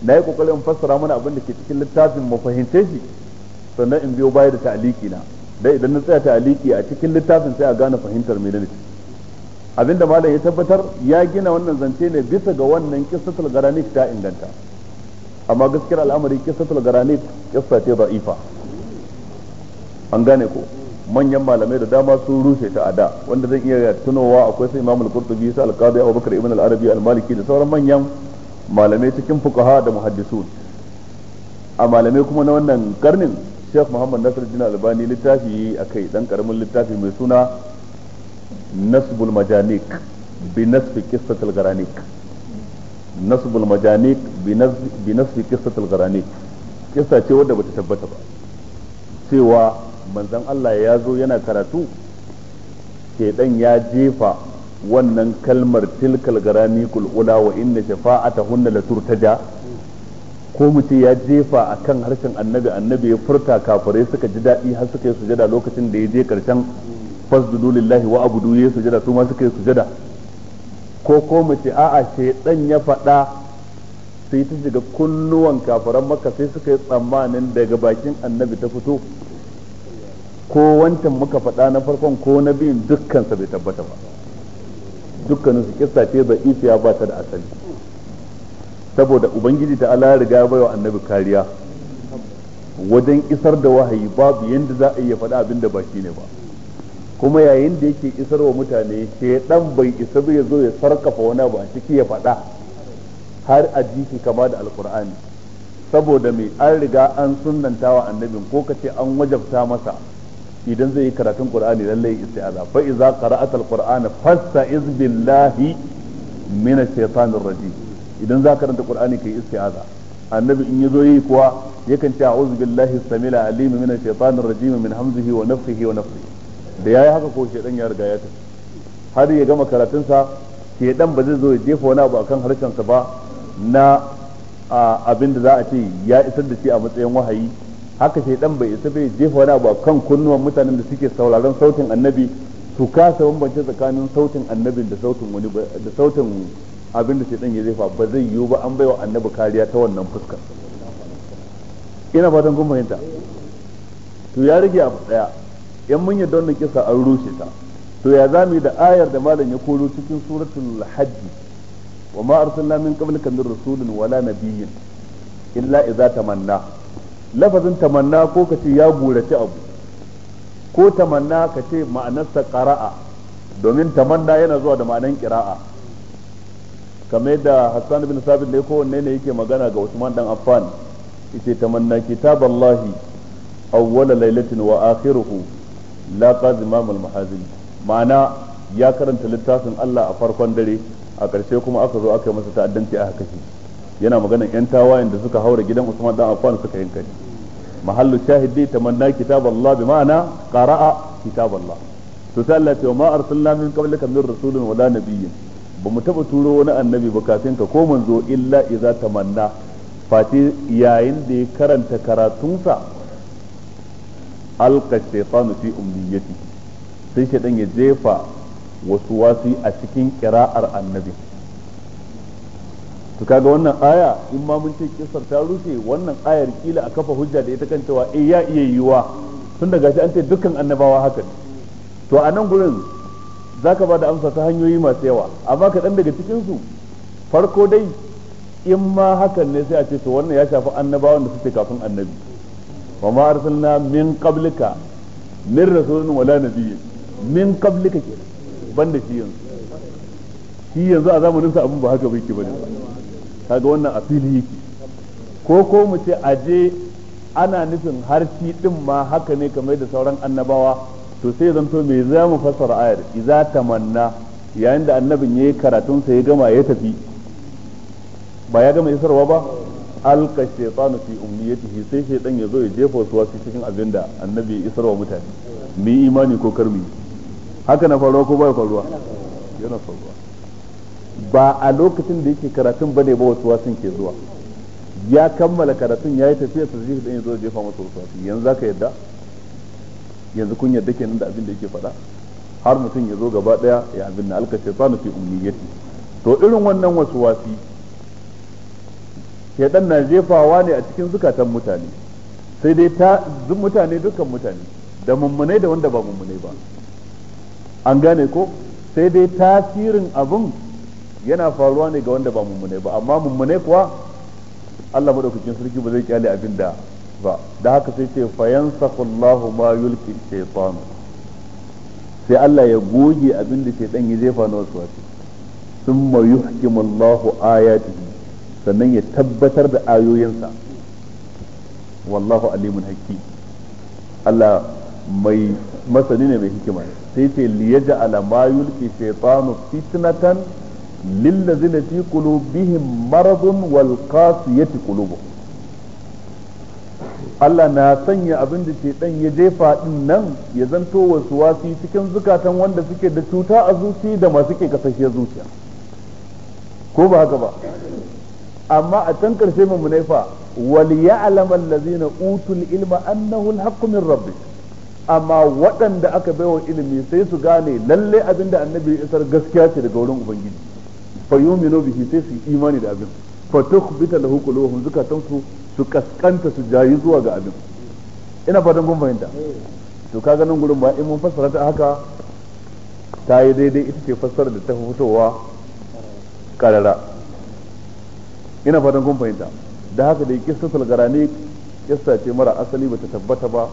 na yi kokarin fassara mana abin da ke cikin littafin mu fahimce shi sannan in biyo baya da taliki na dai idan na tsaya ta aliki a cikin littafin sai a gane fahimtar menene abinda malam ya tabbatar ya gina wannan zance ne bisa ga wannan qissatul garanik ta inganta amma gaskiyar al'amari qissatul garanik kissa ce da'ifa an gane ko manyan malamai da dama sun rushe ta a da wanda zan iya tunowa akwai sai imamul qurtubi sai al-qadi abubakar ibn al-arabi al-maliki da sauran manyan malamai cikin fuqaha da muhaddisun a malamai kuma na wannan karnin Sheikh Muhammad Nasir Jina Albani littafi a kai dan karamin littafi mai suna Nasbul Majanik bi Qissat al Garanik Nasbul Majanik bi Qissat al Garanik kissa ce wadda bata tabbata ba cewa manzon Allah ya zo yana karatu Ke dan ya jefa wannan kalmar tilkal garanikul ula wa inna shafa'atahunna laturtaja ko mu ya jefa a kan harshen annabi annabi ya furta kafirai suka ji daɗi har suka yi sujada lokacin da ya je karshen fasdudu lillahi wa abudu ya sujada su ma suka yi sujada ko ko mu ce a'a ya faɗa sai ta shiga kunnuwan kafiran maka sai suka yi tsammanin daga bakin annabi ta fito ko wancan muka faɗa na farkon ko na biyun dukkansa bai tabbata ba dukkanin su kissa ce da ifiya ba ta da asali saboda ubangiji ta ala riga baiwa annabi kariya wajen isar da wahayi babu yadda za a iya faɗa abin da ba shi ne ba kuma yayin da yake isar wa mutane shaidan bai isa ba ya zo ya sarkafa wani abu a ciki ya faɗa har a jiki kama da alkur'ani saboda mai an riga an sunanta wa annabin ko ka ce an wajabta masa idan zai yi karatun qur'ani lallai isti'aza fa iza qara'ata alqur'ana fasta'iz billahi mina shaitanir rajim idan za ka karanta qur'ani kai isti'aza annabi in yazo yi kuwa yakan ce a'udhu billahi samila alim min ash-shaytanir rajim min hamzihi wa nafthihi wa nafthihi da yayi haka ko shedan ya riga ya tafi har ya gama karatun sa shedan ba zai zo ya jefa wani abu akan harshen sa ba na abin da za a ce ya isar da shi a matsayin wahayi haka shedan bai isa bai jefa wani abu kan kunnuwan mutanen da suke sauraron sautin annabi su kasa bambance tsakanin sautin annabin da sautin wani da sautin abin da shaitan ya jefa ba zai yiwu ba an baiwa annabi kariya ta wannan fuska ina fatan kun fahimta to ya rage abu daya yan mun yadda wannan kisa an rushe ta to ya zamu da ayar da malam ya koro cikin suratul hajj wa ma arsalna min qablika min rasulin wala nabiyyin illa idza tamanna lafazin tamanna ko kace ya gurace abu ko tamanna kace ma'anar sa qara'a domin tamanna yana zuwa da ma'anar qira'a kamar da Hassan bin Sabit ne kowanne ne yake magana ga Usman dan Affan yace tamanna kitaballahi awwala lailatin wa akhiruhu la qadimam al mahazin ma'ana ya karanta littafin Allah a farkon dare a ƙarshe kuma aka zo aka yi masa ta'addanci haka shi yana magana yan tawayen da suka haura gidan Usman dan Affan suka yin kai mahallu shahidi tamanna kitaballahi bi ma'ana qara'a kitaballahi to sai Allah ya ce ma arsalna min qablika min rasulin wala nabiyyin ba mu taba turo wani annabi ba kafin ka ko manzo illa iza tamanna fati yayin da ya karanta karatunsa alqa shaytanu fi umniyati sai shaytan ya jefa wasu wasi a cikin kira'ar annabi to kaga wannan aya in ma mun ce kisar ta rufe wannan ayar kila a kafa hujja da ita kan cewa eh ya iya yiwa tun daga shi an ce dukkan annabawa haka to a nan gurin za ka ba da amsa ta hanyoyi masu yawa amma kaɗan daga cikinsu farko dai in ma hakan ne sai a ce to wannan ya shafi annabawan da suke kafin annabi wa ma arsalna min qablika min rasulun wala nabiyyin min qablika ke da shi yanzu shi yanzu a zamanin sa abun ba haka bai ke bane kaga wannan asili yake ko ko mu ce aje ana nufin har shi din ma haka ne kamar da sauran annabawa to sai so me za mu fassara ayar iza tamanna yayin da annabin yi karatun sa ya gama ya tafi ba ya gama isarwa ba alka shaytanu fi umniyatihi sai shaytan ya zo ya jefa wasu wasu cikin abinda annabi ya isarwa mutane mi imani ko karmi haka na faruwa ko bai faruwa yana faruwa ba a lokacin da yake karatun ba ne ba wasu wasu ke zuwa ya kammala karatun ya yi tafiya su zai ya zo jefa masa wasu wasu yanzu zaka yadda yanzu kun yarda kenan da abin da yake faɗa har mutum ya zo gaba ɗaya ya abin na alka na fi umniyati to irin wannan wasu wasuwasi ɗan na jefawa ne a cikin zukatan mutane sai dai ta zun mutane dukkan mutane da mummunai da wanda ba mummunai ba an gane ko sai dai tasirin abin yana faruwa ne ga wanda ba mummune ba amma mummune kuwa Allah madaukakin sarki ba zai kyale abin da ba da haka sai ce fayansakhu Allahu ma yulki shaytan sai Allah ya goge abin da shaytan ya jefa na wasu wasu thumma yuhkimu Allahu ayatihi sannan ya tabbatar da ayoyinsa wallahu alimun hakki Allah mai masani ne mai hikima sai ce liyaj'ala ma yulqi shaytanu fitnatan lillazina fi qulubihim maradun wal qasiyati qulubuhum Allah na sanya abin da dan ya jefa din nan ya zanto wasu wasi cikin zukatan wanda suke da cuta a zuci da masu ke kasashe zuciya ko ba haka ba amma a can karshe mu munaifa wal ya'lam allazina utul ilma annahu alhaqqu min rabbik amma waɗanda aka baiwa ilimi sai su gane lalle abin da annabi isar gaskiya ce daga wurin ubangiji fa yu'minu bihi sai su imani da abin fa tukhbitu lahu quluhum su. su kaskanta su jayi zuwa ga abin ina fatan kun fahimta to kaga nan gurin ba in mun fassara ta haka ta yi daidai ita ce fassara da ta fitowa karara ina fatan kun fahimta da haka dai kissatul garani kissa ce mara asali bata tabbata ba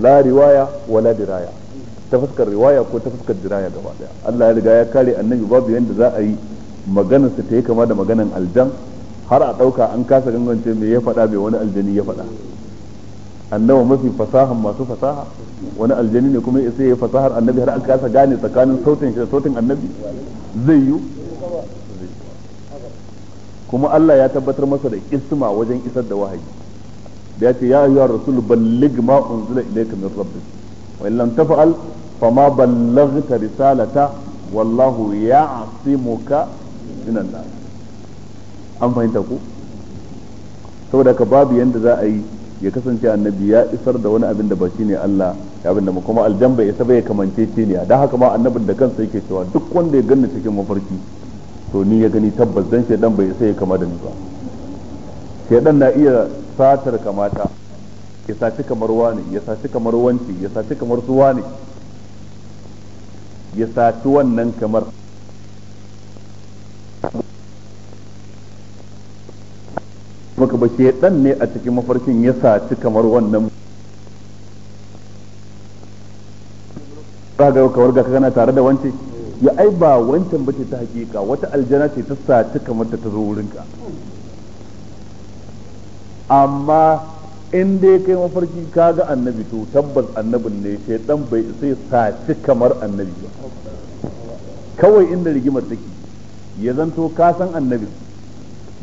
la riwaya wala diraya ta fuskar riwaya ko ta fuskar diraya gaba daya Allah ya riga ya kare annabi babu yanda za a yi maganarsa ta yi kama da maganan aljan har a ɗauka an kasa gangance mai ya faɗa mai wani aljani ya faɗa annawa mafi fasahan masu fasaha wani aljani ne kuma sai ya fasahar annabi har an kasa gane tsakanin sautin shi da sautin annabi zai yi kuma Allah ya tabbatar masa da isma wajen isar da wahayi da ya ce ya ayyuhar rasul balligh ma unzila ilayka min rabbik wa in tafal fa ma ballaghta risalata wallahu ya'simuka minan nas an fahimta ku saboda ka babu yanda za a yi ya kasance annabi ya isar da wani abin da ba shine Allah ya abin da kuma aljan bai isa bai kamance ce ne dan haka ma annabin da kansa yake cewa duk wanda ya ganni cikin mafarki to ni ya gani tabbas dan shedan bai isa ya kama da ni ba shedan na iya satar kamata ya saci kamar wani ya saci kamar wanci ya saci kamar su wani ya saci wannan kamar maka ba dan ne a cikin mafarkin ya saci kamar wannan ga kawar ga kana tare da wance ya ai ba wancan bace ta hakika wata aljana ce ta saci kamar ta zo wurinka amma in dai kai mafarki kaga annabi to tabbas annabin ne sai dan bai sai saci kamar annabi ba kawai inda rigimar take ya zanto ka san annabi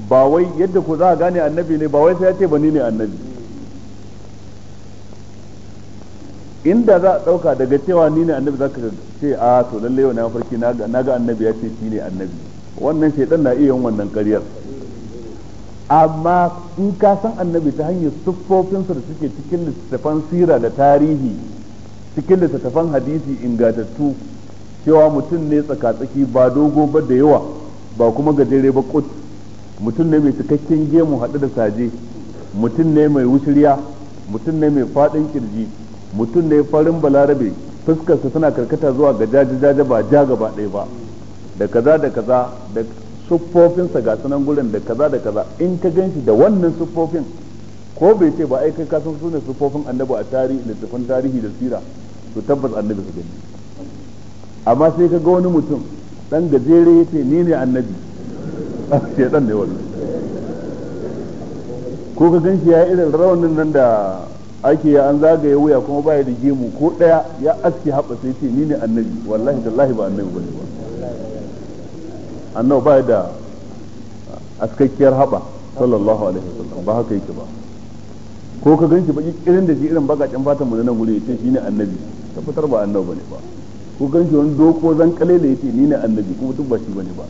ba wai yadda ku za a gane annabi ne ba wai sai ya ce bani ne annabi inda za a ɗauka daga cewa ni ne annabi za ka ce a to lallai wani mafarki na ga annabi ya ce shi ne annabi wannan shaidan na iya yin wannan karyar amma in ka san annabi ta hanyar siffofinsa da suke cikin littattafan sira da tarihi cikin littattafan hadisi ingantattu cewa mutum ne tsakatsaki ba dogo ba da yawa ba kuma gajere ba kot mutum ne mai cikakken gemu haɗu da saje mutum ne mai wushiriya mutum ne mai faɗin kirji mutum ne farin balarabe fuskarsa suna karkata zuwa ga jajajaja ba ja gaba ɗaya ba da kaza da kaza da siffofinsa ga sunan gurin da kaza da kaza in ka gan shi da wannan siffofin ko bai ce ba ai kai ka san su ne siffofin annabi a tarihi littafin tarihi da sira to tabbas annabi su gani amma sai ka ga wani mutum dan gajere ya ce ni ne annabi shedan ne wannan ko ka gan shi ya irin rawanin nan da ake ya an zagaye wuya kuma baya da gemu ko daya ya aske haɓa sai ce ni ne annabi wallahi tallahi ba annabi ne ba annabi baya da askakkiyar haɓa sallallahu alaihi wasallam ba haka yake ba ko ka gan shi baki irin da shi irin bagacin fatan mu nan gure ya ce shi ne annabi tabbatar ba annabi bane ba ko gan shi wani doko zan kalele da ya ce ni ne annabi kuma duk ba shi bane ba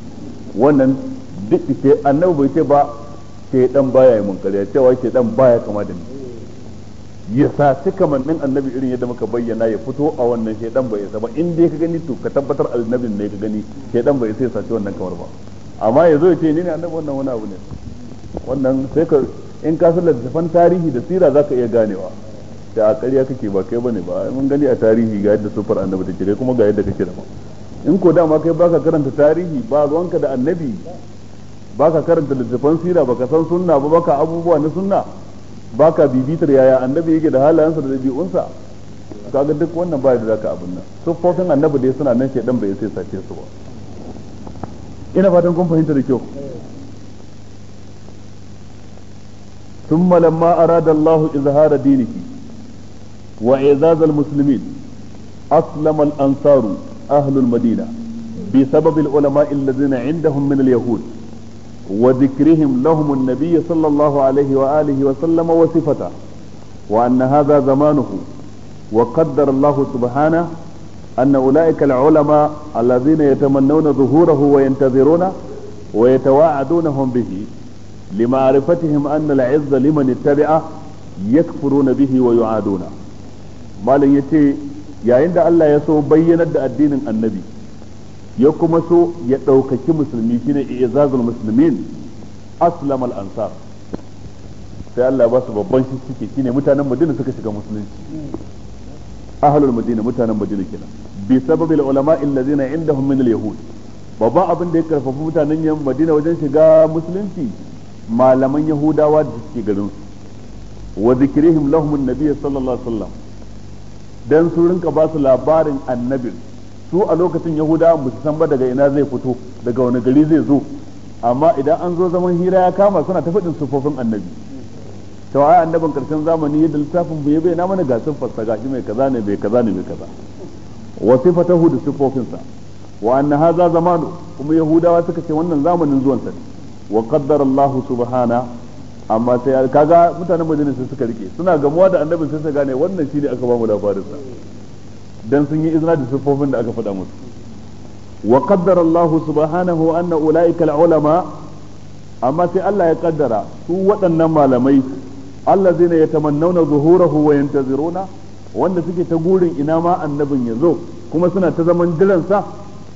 wannan duk ce annabi bai ce ba dan baya yi munkari ya cewa dan baya kama da ni ya sa suka mannin annabi irin yadda muka bayyana ya fito a wannan dan bai isa ba in dai ka gani to ka tabbatar annabin ne ka gani dan bai sai ya saci wannan kamar ba amma ya zo ya ce ni ne annabi wannan wani abu ne wannan sai ka in ka san littattafan tarihi da sira zaka iya ganewa da a ƙarya kake ba kai bane ba mun gani a tarihi ga yadda sufar annabi take kuma ga yadda kake da ba in ko dama kai baka karanta tarihi ba ruwanka da annabi baka karanta littafan sira ka san sunna ba baka abubuwa na sunna baka bibitar yaya annabi yake da halayensa da dabi'unsa kaga duk wannan ba da zaka abin nan siffofin annabi dai suna nan shedan bai sai sace su ba ina fatan kun fahimta da kyau ثم لما أراد الله إظهار دينه وإعزاز المسلمين أسلم الأنصار أهل المدينة بسبب العلماء الذين عندهم من اليهود وذكرهم لهم النبي صلى الله عليه وآله وسلم وصفته وأن هذا زمانه وقدر الله سبحانه أن أولئك العلماء الذين يتمنون ظهوره وينتظرونه ويتواعدونهم به لمعرفتهم أن العز لمن اتبعه yakfuruna bihi wa yu'aduna malam yace yayin da Allah ya so bayyanar da addinin annabi ya kuma so ya ɗaukaki musulmi shine izazul Musulmin aslam al sai Allah ba su babban shi suke shi ne mutanen Madina suka shiga musulunci ahlul madina mutanen madina kenan bi sababi ulama allazina indahum min al-yahud babban abin da ya karfafa mutanen yan madina wajen shiga musulunci malaman yahudawa da suke garin su wa zikrihim lahum an-nabiy sallallahu alaihi wasallam dan su rinka ba su labarin annabin su a lokacin yahudawa ba su san ba daga ina zai fito daga wani gari zai zo amma idan an zo zaman hira ya kama suna ta faɗin sufofin annabi to ai annabin karshen zamani yadda littafin bai bayyana mana ga fassa gashi mai kaza ne mai kaza ne mai kaza wa sifatahu da sifofinsa wa anna hadha zamanu kuma yahudawa suka ce wannan zamanin zuwan sa wa qaddara Allah subhana amma sai kaga mutanen majalisa suka rike suna gamuwa da annabin sai su gane wannan shine aka ba mu labarin sa dan sun yi izina da siffofin da aka faɗa musu wa qaddara Allah subhanahu anna ulaika al-ulama amma sai Allah ya kaddara su waɗannan malamai allazina yatamannawna zuhurahu wa yantaziruna wanda suke ta gurin ina ma annabin ya zo kuma suna ta zaman sa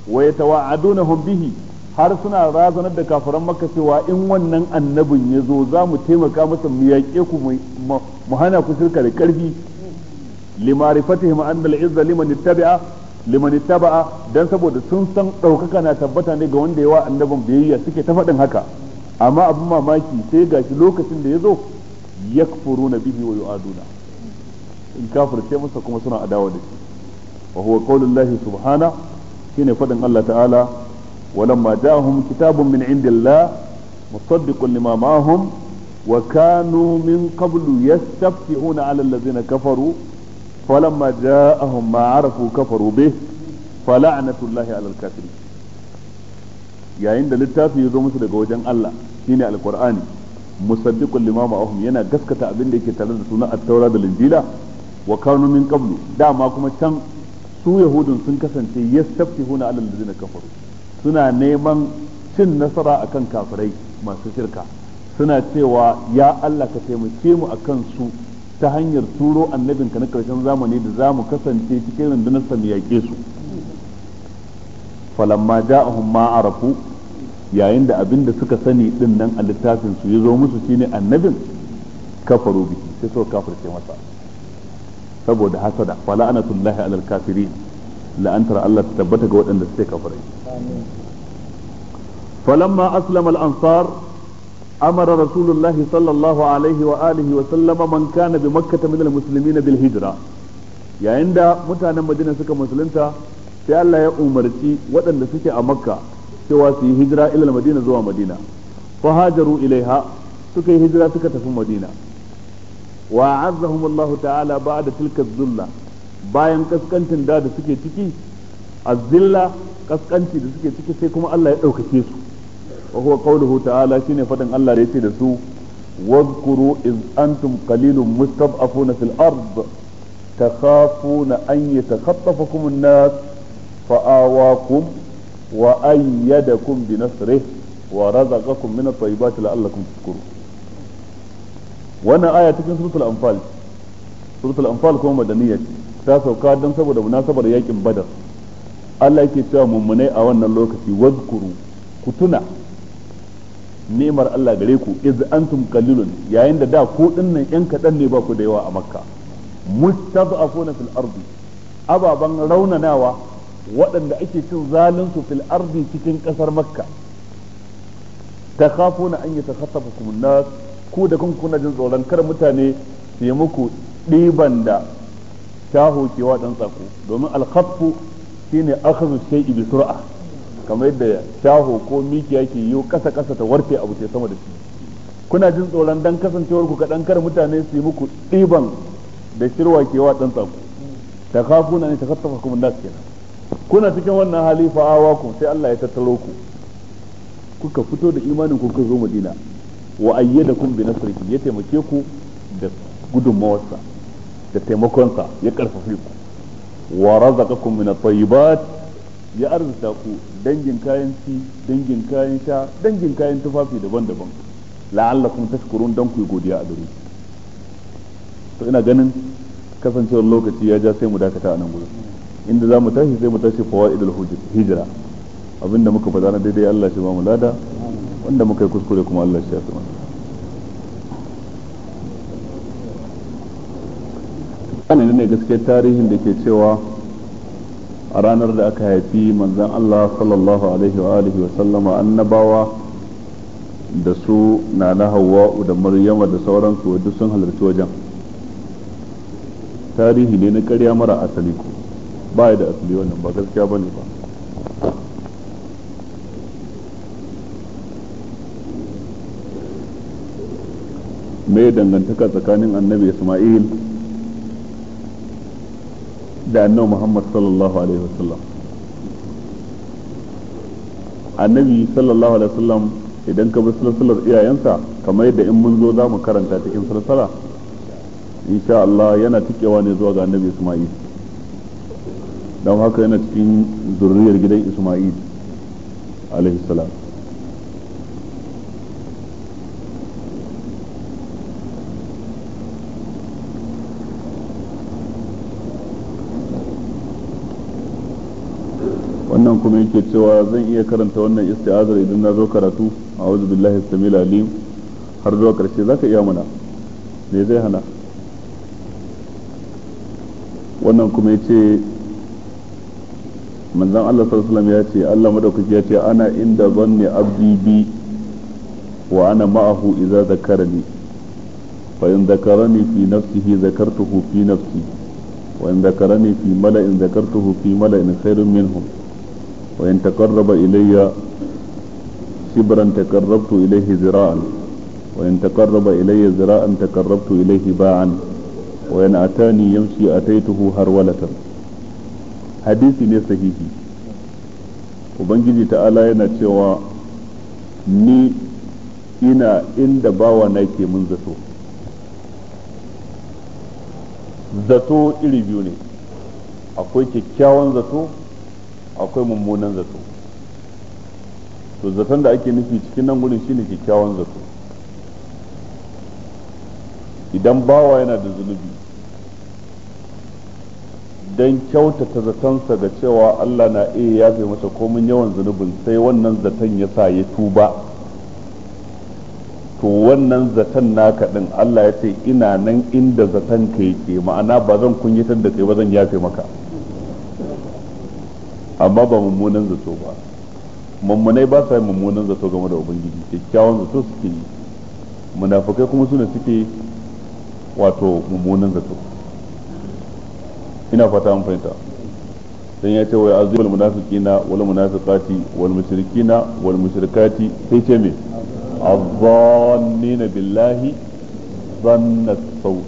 wa yatawa'adunahum bihi har suna razanar da kafiran maka cewa in wannan annabin ya zo za mu taimaka masa mu yaƙe ku mu hana ku shirka da karfi limarifatihim anna al-izza liman ittaba'a liman ittaba'a dan saboda sun san daukaka na tabbata ne ga wanda yawa annabin biyayya suke ta faɗin haka amma abin mamaki sai gashi lokacin da ya yazo yakfuruna bihi wa yu'aduna in kafirce masa kuma suna adawa da shi wa huwa qaulullahi subhana shine faɗin Allah ta'ala walamma ja'ahum kitabun min indillah wa lima ma'ahum وكانوا من قبل يستفتحون على الذين كفروا فلما جاءهم ما عرفوا كفروا به فلعنة yayin da littafi ya zo musu daga wajen Allah shine alqur'ani musaddiqul lima ma'ahum yana gaskata abin da yake tare da suna at-taura da linjila wa kanu min dama kuma can su yahudun sun kasance yastaftihuna alal ladina kafaru suna neman cin nasara akan kafirai masu shirka suna cewa ya Allah ka taimake mu akan su ta hanyar turo annabin ka na karshen zamani da za mu kasance cikin rundunar sa mu yaƙe su falamma ja'ahum ma arafu yayin da abin da suka sani din nan a littafin su yazo musu shine annabin kafaru bi sai so kafirce masa saboda hasada fala anatullahi alal kafirin la'antar Allah ta tabbata ga waɗanda suke kafirai falamma aslama al-ansar amara rasulullahi sallallahu alaihi wa alihi wa sallama man kana bi makkata minal muslimina bil yayin da mutanen madina suka musulunta sai Allah ya umarci waɗanda suke a makka cewa su yi hijira ilal madina zuwa madina fa hajaru ilaiha suka yi hijira suka tafi madina wa azzahum Allah ta'ala da tilka zulla bayan kaskantin da da suke ciki azilla kaskanci da suke ciki sai kuma Allah ya ɗaukake su wa huwa qawluhu ta'ala shine fadin Allah da yace da su واذكروا إذ أنتم قليل مستضعفون في الأرض تخافون أن يتخطفكم الناس فآواكم وأيدكم بنصره ورزقكم من الطيبات لعلكم تشكرون وانا آية تكن سورة الأنفال سورة الأنفال كما مدنية تاسو قادم سبب مناسبة رياك بدر Allah yake cewa mummunai a wannan lokaci wazkuru ku tuna ni'mar Allah gare ku iz antum qalilun yayin da da ku dinnan yan kadan ne ba ku da yawa a makka mustad'afuna fil ardi ababan raunanawa waɗanda ake cin zalunsu fil ardi cikin ƙasar makka takhafuna an yatakhatafakum an-nas ku da kun kuna jin tsoron kar mutane su yi muku ɗiban da shaho kewa ɗan tsako domin al shine akhazu shay'i bi sur'a kamar yadda shaho ko mikiya ke yi kasa kasa ta warke abu ce sama da shi kuna jin tsoron dan kasancewar ku kadan kar mutane su yi muku ɗiban da shirwa ke wa dan tsaku ta kafu na ne ta kattafa kuma nas kenan kuna cikin wannan hali fa'awa ku sai Allah ya tattaro ku kuka fito da imanin ku kuka zo Madina wa ayyadakum bi nasrihi ya taimake ku da gudunmawarsa da taimakonsa ya karfafe ku wa razaqakum min at-tayyibat ya arzuta ku dangin kayan ci dangin kayan sha dangin kayan tufafi daban-daban la'allakum tashkurun dan ku godiya a gare to ina ganin kasancewar lokaci ya ja sai mu dakata a nan gudu inda za mu tashi sai mu tashi fawaidul hijra abinda muka faɗa na daidai Allah shi ba mu lada wanda muka yi kuskure kuma Allah shi ya fi mana ne gaskiyar tarihin da ke cewa a ranar da aka haifi manzan Allah sallallahu alaihi wa alihi wa sallama annabawa da su na na hawa da maryama da sauransu duk sun halarci wajen tarihi ne na karya mara asali ku ba da asali wannan ba gaskiya bane ba mai dangantaka tsakanin annabi isma'il da annabi Muhammad sallallahu alaihi wasallam annabi sallallahu alaihi wasallam idan ka bi silsilar iyayensa kamar yadda in mun zo za mu karanta cikin silsila insha Allah yana tikewa ne zuwa ga annabi Isma'il don haka yana cikin zurriyar gidan Isma'il alaihi salam kuma yake cewa zan iya karanta wannan isti'azar idan na zo karatu a wajen billahi samil alim har zuwa karshe za ka iya mana me zai hana wannan kuma ya ce manzan Allah sallallahu ya ce Allah madaukaki ya ce ana inda zanni abdi bi wa ana ma'ahu idza zakarani fa in zakarani fi nafsihi zakartuhu fi nafsi wa in zakarani fi mala'in zakartuhu fi mala'in khairun minhum وإن تقرب إلي شبرا تقربت إليه ذراعا وإن تقرب إلي ذراعا تقربت إليه باعا وإن أتاني يمشي أتيته هرولة hadisi ne sahihi ubangiji ta'ala yana cewa ni ina inda bawa na ke mun zato zato iri biyu ne akwai kyakkyawan zato akwai mummunan zato to zaton da ake nufi cikin nan gurin shine kyakkyawan zato idan bawa yana da zunubi don kyautata zatonsa ga cewa Allah na iya yafe masa komin yawan zunubin sai wannan zaton ya sa ya tuba to wannan zaton na din Allah ya ce ina nan inda zaton ka yake ma'ana ba zan kunyatar da kai ba zan yafe maka amma ba mummunan zato ba mummunai ba sa yin mummunan zato game da ubangiji kyakkyawan zato suke yi munafukai kuma suna suke wato mummunan zato ina fata an fahimta dan ya ce wa azibul munafiqina wal munafiqati wal mushrikina wal mushrikati sai ce me azzannina billahi zanna sau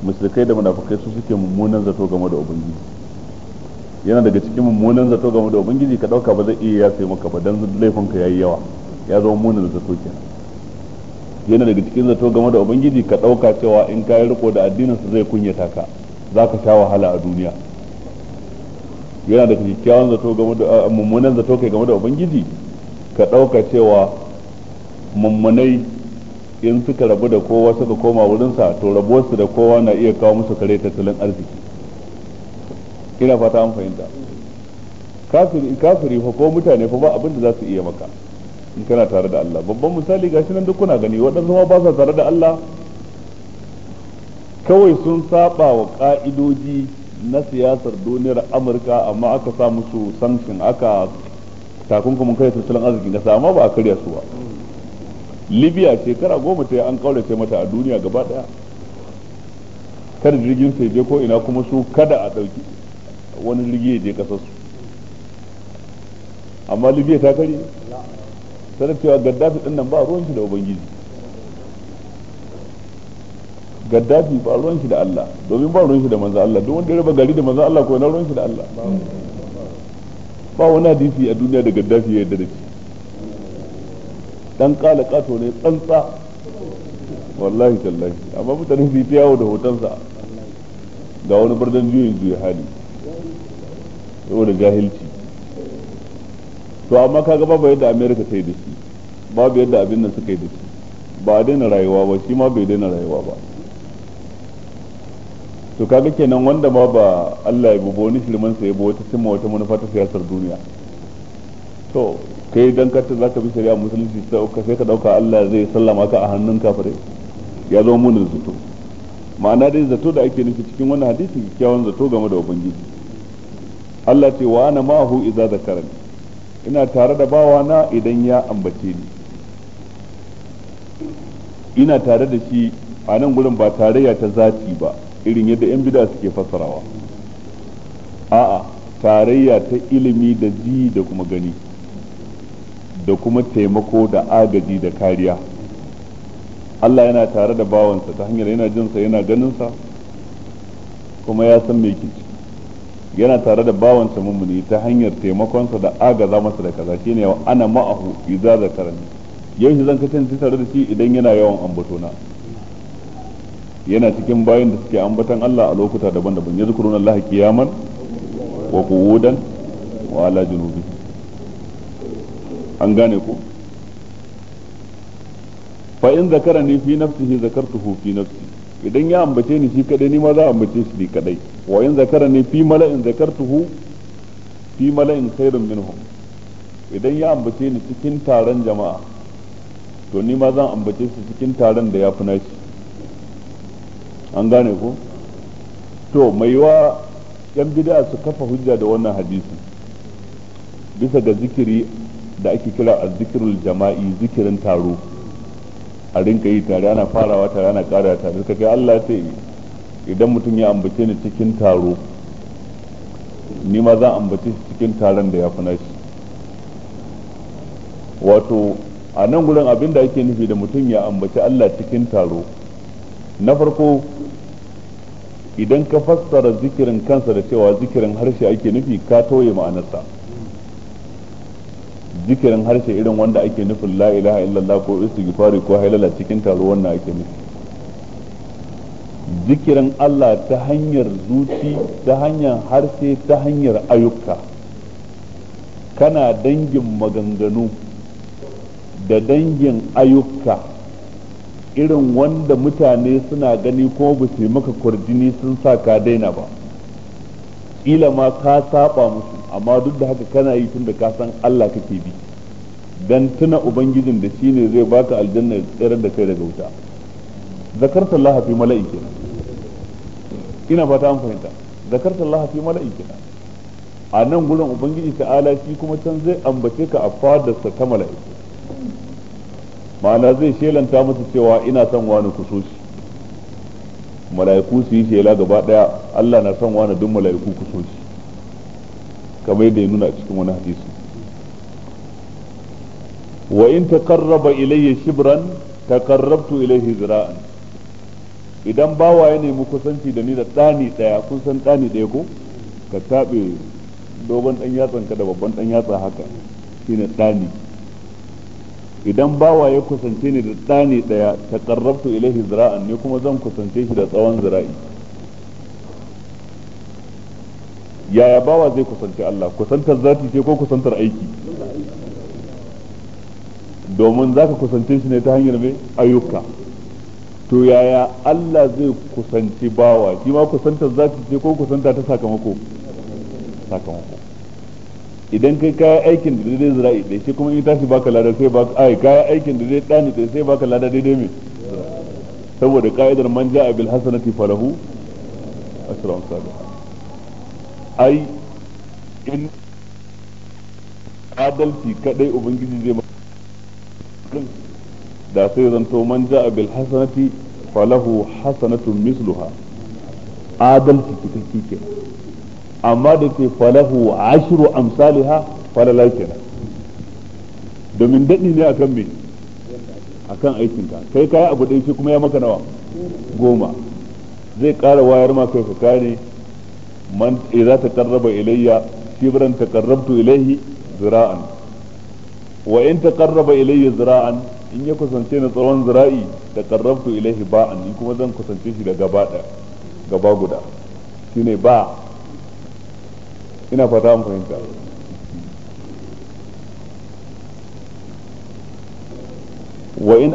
mushrikai da munafukai su suke mummunan zato game da ubangiji yana daga cikin mummunan zato game da ubangiji ka dauka ba zai iya sai maka ba dan laifin ka yayi yawa ya zama munin zato kenan yana daga cikin zato game da ubangiji ka dauka cewa in ka yi riko da addinin sa zai kunyata ka zaka sha wahala a duniya yana daga kyakkyawan zato game da mummunan zato kai game da ubangiji ka dauka cewa mummunai in suka rabu da kowa suka koma wurinsa to rabuwarsu da kowa na iya kawo musu kare tattalin arziki ina fata an fahimta kafiri kafiri fa ko mutane fa ba abin da za su iya maka in kana tare da Allah babban misali gashi nan duk kuna gani waɗansu ma ba su tare da Allah kawai sun saba wa ka'idoji na siyasar duniyar Amurka amma aka sa musu sanction aka takunkumin kai tattalin arziki kasa amma ba a karya su ba Libya shekara goma ta an kaurace mata a duniya gaba daya kada jirgin sai je ko ina kuma su kada a dauki wani ya je kasar su amma ligiya ta kare sanar cewa gaddafi din nan ba ruwan shi da ubangiji gaddafi ba ruwan shi da Allah domin ba ruwan shi da manzo Allah duk wanda ya raba gari da manzo Allah ko na ruwan shi da Allah ba wani hadisi a duniya da gaddafi ya yarda da shi dan kala kato ne tsantsa wallahi tallahi amma mutane su yi ta yawo da hotonsa ga wani birnin juyin juyi hali saboda jahilci to amma kaga babu yadda america ta yi da shi babu yadda abin nan suka yi da shi ba a daina rayuwa ba shi ma bai daina rayuwa ba to kaga kenan wanda ma ba Allah ya bubo ni shirman sa ya wata cimma wata manufa ta siyasar duniya to kai dan ka ta zaka bi shari'a musulunci sai ka dauka Allah zai sallama ka a hannun kafare ya zama munin zato ma'ana dai zato da ake nufi cikin wannan hadisi kyakkyawan zato game da ubangiji Allah ce wa ana ma'ahu idza zakarani ina tare da bawa na idan ya ambace ni ina tare da shi a nan gurin ba tarayya ta zaci ba irin yadda yan bid'a suke fassarawa a'a tarayya ta ilimi da ji da kuma gani da kuma taimako da agaji da kariya Allah yana tare da bawansa ta hanyar yana jinsa yana ganinsa kuma ya san me kici yana tare da bawansa mummuni ta hanyar taimakonsa da agaza masa da kaza shine wa ana ma'ahu idza zakarani yaushe zan kasance tare da shi idan yana yawan ambatona yana cikin bayan da suke ambatan Allah a lokuta daban-daban yazkuruna Allah qiyaman wa qu'udan wa ala junubi an gane ku fa in zakarani fi nafsihi zakartuhu fi nafsihi idan ya ambace ni shi kadai ni ma za a ambace shi ni kadai wa in zakara ni fi mala'in zakartuhu fi mala'in khairun minhum idan ya ambace ni cikin taron jama'a to ni ma zan ambace shi cikin taron da ya fi nashi an gane ko to mai wa yan bid'a su kafa hujja da wannan hadisi bisa ga zikiri da ake kira azzikirul jama'i zikirin taro a rinka yi tare ana farawa tare ana kara tare suka kai Allah ce idan mutum ya ambace ni cikin taro ni ma zan ambace shi cikin taron da ya fi nashi wato a nan gurin abin da ake nufi da mutum ya ambaci Allah cikin taro na farko idan ka fassara zikirin kansa da cewa zikirin harshe ake nufi ka toye ma'anarsa zikirin harshe irin wanda ake nufin la ilaha illallah ko istighfari ko halala cikin taro wannan ake nufi zikirin Allah ta hanyar zuci ta hanyar harshe ta hanyar ayyuka kana dangin maganganu da dangin ayyuka irin wanda mutane suna gani ko ba su maka kwarjini sun sa ka daina ba ila ma ka saba musu amma duk da haka kana yi tun da ka san Allah kake bi dan tuna ubangijin da shine zai baka aljanna ya tsere da kai daga wuta zakarta Allah fi mala'ike ina fata an fahimta zakarta Allah fi mala'ike a nan gurin ubangiji ta'ala shi kuma can zai ambace ka a fadarsa ta mala'iku ma'ana zai shelanta musu cewa ina son wani ku shi mala'iku su yi shela gaba daya Allah na son wani duk mala'iku ku shi kamar yadda ya nuna a cikin wani hadisi wa in taqarraba ilayya shibran taqarrabtu ilayhi zira'an idan bawa ya nemi kusanci da ni da tsani daya kun san tsani daya ko ka tabe dogon dan yatsan ka da babban dan yatsa haka shine tsani idan bawa ya kusance ni da tsani daya taqarrabtu ilayhi zira'an ne kuma zan kusance shi da tsawon zira'i yaya bawa zai kusanci Allah kusantar zati ce ko kusantar aiki domin za ka kusance shi ne ta hanyar mai ayyuka to yaya Allah zai kusanci bawa shi ma kusantar zati ce ko kusanta ta sakamako sakamako idan kai kaya aikin da daidai zira'i ɗaya shi kuma in tashi baka lada sai ba ai kaya aikin da daidai dani ɗaya sai baka lada daidai mai saboda ka'idar man ja'a bil hasanati falahu ashra'un salih ai in adalci kadai ubangiji zai mutum da sai zanto man ja bil hasanati falahu hasanatun misluha adalci cikakke ke amma da ke falahu ashiru amsaliha falala kenan domin daɗi ne akan me akan aikinka kai kayi abu ɗaya shi kuma ya maka nawa goma zai ƙara wayar ma kai ka kare man idza taqarraba ilayya shibran taqarrabtu ilayhi zira'an wa in taqarraba ilayya zira'an in ya kusance na tsawon zira'i taqarrabtu ilayhi ba'an in kuma zan kusance shi da gaba guda shine ba ina fata an wa in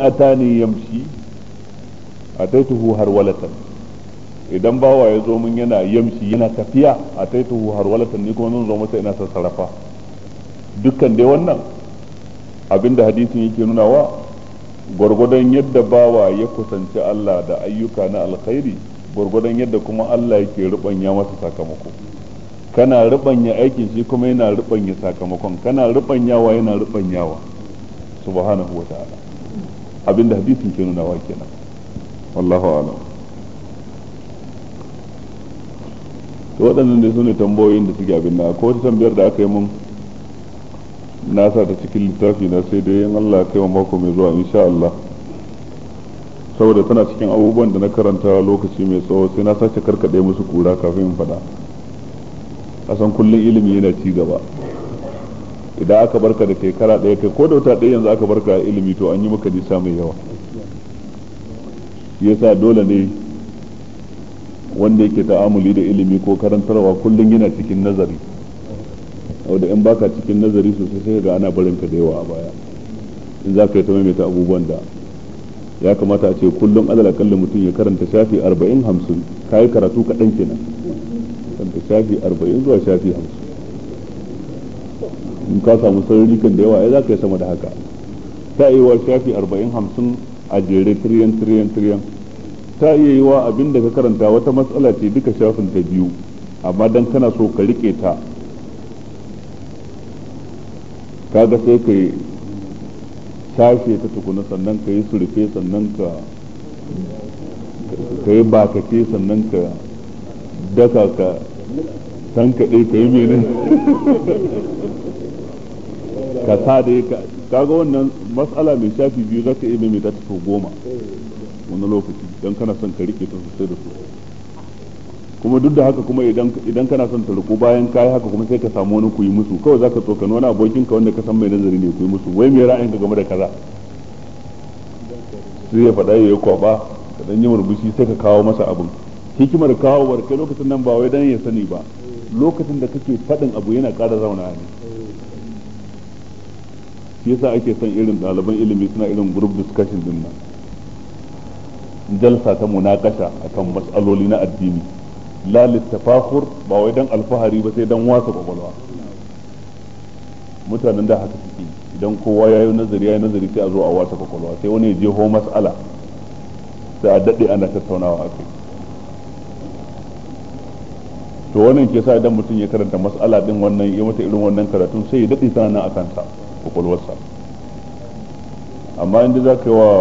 idan bawa ya zo mun yana yamshi yana tafiya a taita har walatan ni kuma zo masa ina sassarafa dukkan dai wannan abinda hadisin yake nunawa gwargwadon yadda bawa ya kusanci Allah da ayyuka na alkhairi gwargwadon yadda kuma Allah yake rubanya masa sakamako kana rubanya aikin shi kuma yana rubanya sakamakon kana rubanyawa yana rubanyawa subhanahu wa ta'ala abinda hadisin ke nunawa kenan wallahu a'lam to waɗannan su sune tambayoyin da suke abin na ko wata tambayar da aka yi mun na sa ta cikin littafi na sai dai in Allah kai mako mai zuwa insha Allah saboda tana cikin abubuwan da na karanta lokaci mai tsawo sai na sace karkade musu kura kafin in faɗa san kullum ilimi yana ci gaba idan aka barka da shekara ɗaya kai ko da wata ɗaya yanzu aka barka ilimi to an yi maka nisa mai yawa yasa dole ne wanda yake ta'amuli da ilimi ko karantarwa kullum yana cikin nazari da in baka cikin nazari sosai sai ga ana barin ka da yawa a baya in za ka yi ta maimaita abubuwan da ya kamata a ce kullum alal akalli mutum ya karanta shafi arba'in hamsin ka yi karatu kaɗan kenan karanta shafi arba'in zuwa shafi hamsin in ka samu sarari kan da yawa ai za ka yi sama da haka ta yi wa shafi arba'in hamsin a jere tiriyan tiriyan tiriyan ta iya yi wa abin da ka karanta wata matsala ce duka shafin ta biyu amma dan kana so ka rike ta kaga sai ka yi shafe ta tukuna sannan ka yi surfe sannan ka ka yi bakace sannan ka daka ka tankaɗe ka yi mene ka sa da ka kaga wannan matsala mai shafi biyu za ka iya mai ta goma wani lokaci don kana son ka rike ta sosai da sosai kuma duk da haka kuma idan kana son ta riko bayan kayi haka kuma sai ka samu wani ku yi musu kawai zaka tsokano wani abokin ka wanda ka san mai nazari ne ku yi musu wai me ra'ayinka game da kaza sai ya faɗa ya yi kwaba ka dan yi murmushi sai ka kawo masa abin hikimar kawo kai lokacin nan ba wai dan ya sani ba lokacin da kake faɗin abu yana ƙara zauna ne shi yasa ake son irin ɗaliban ilimi suna irin group discussion din nan jalsa ta munakasha akan matsaloli na addini la littafakhur ba wai dan alfahari ba sai dan wasa kwakwalwa mutanen da haka suke idan kowa ya yi nazari ya yi nazari sai a zo a wasa kwakwalwa sai wani ya je ho mas'ala sai a daɗe ana tattaunawa a kai to wannan ke sa idan mutum ya karanta mas'ala din wannan ya mata irin wannan karatun sai ya daɗe sana'a a kansa kwakwalwarsa amma inda za ka yi wa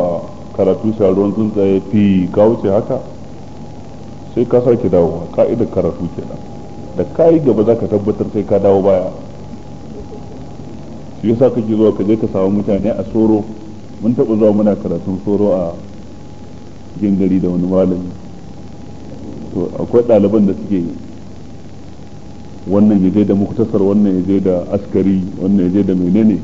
karatu a ruwan tsuntsaye fi ka wuce haka sai ka sake dawowa ka'idar karatu kenan da ka yi gaba za ka tabbatar sai ka dawo baya shi yasa kake zuwa ka je ka samu mutane a soro mun taɓa zuwa muna karatun soro a gari da wani malami to akwai ɗaliban da suke wannan ya je da muktasar wannan ya je da askari wannan ya je da menene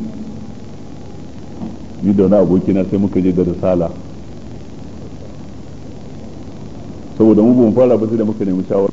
ni da wani abokina sai muka je da risala saboda mu fara ba sai da muka nemi shawara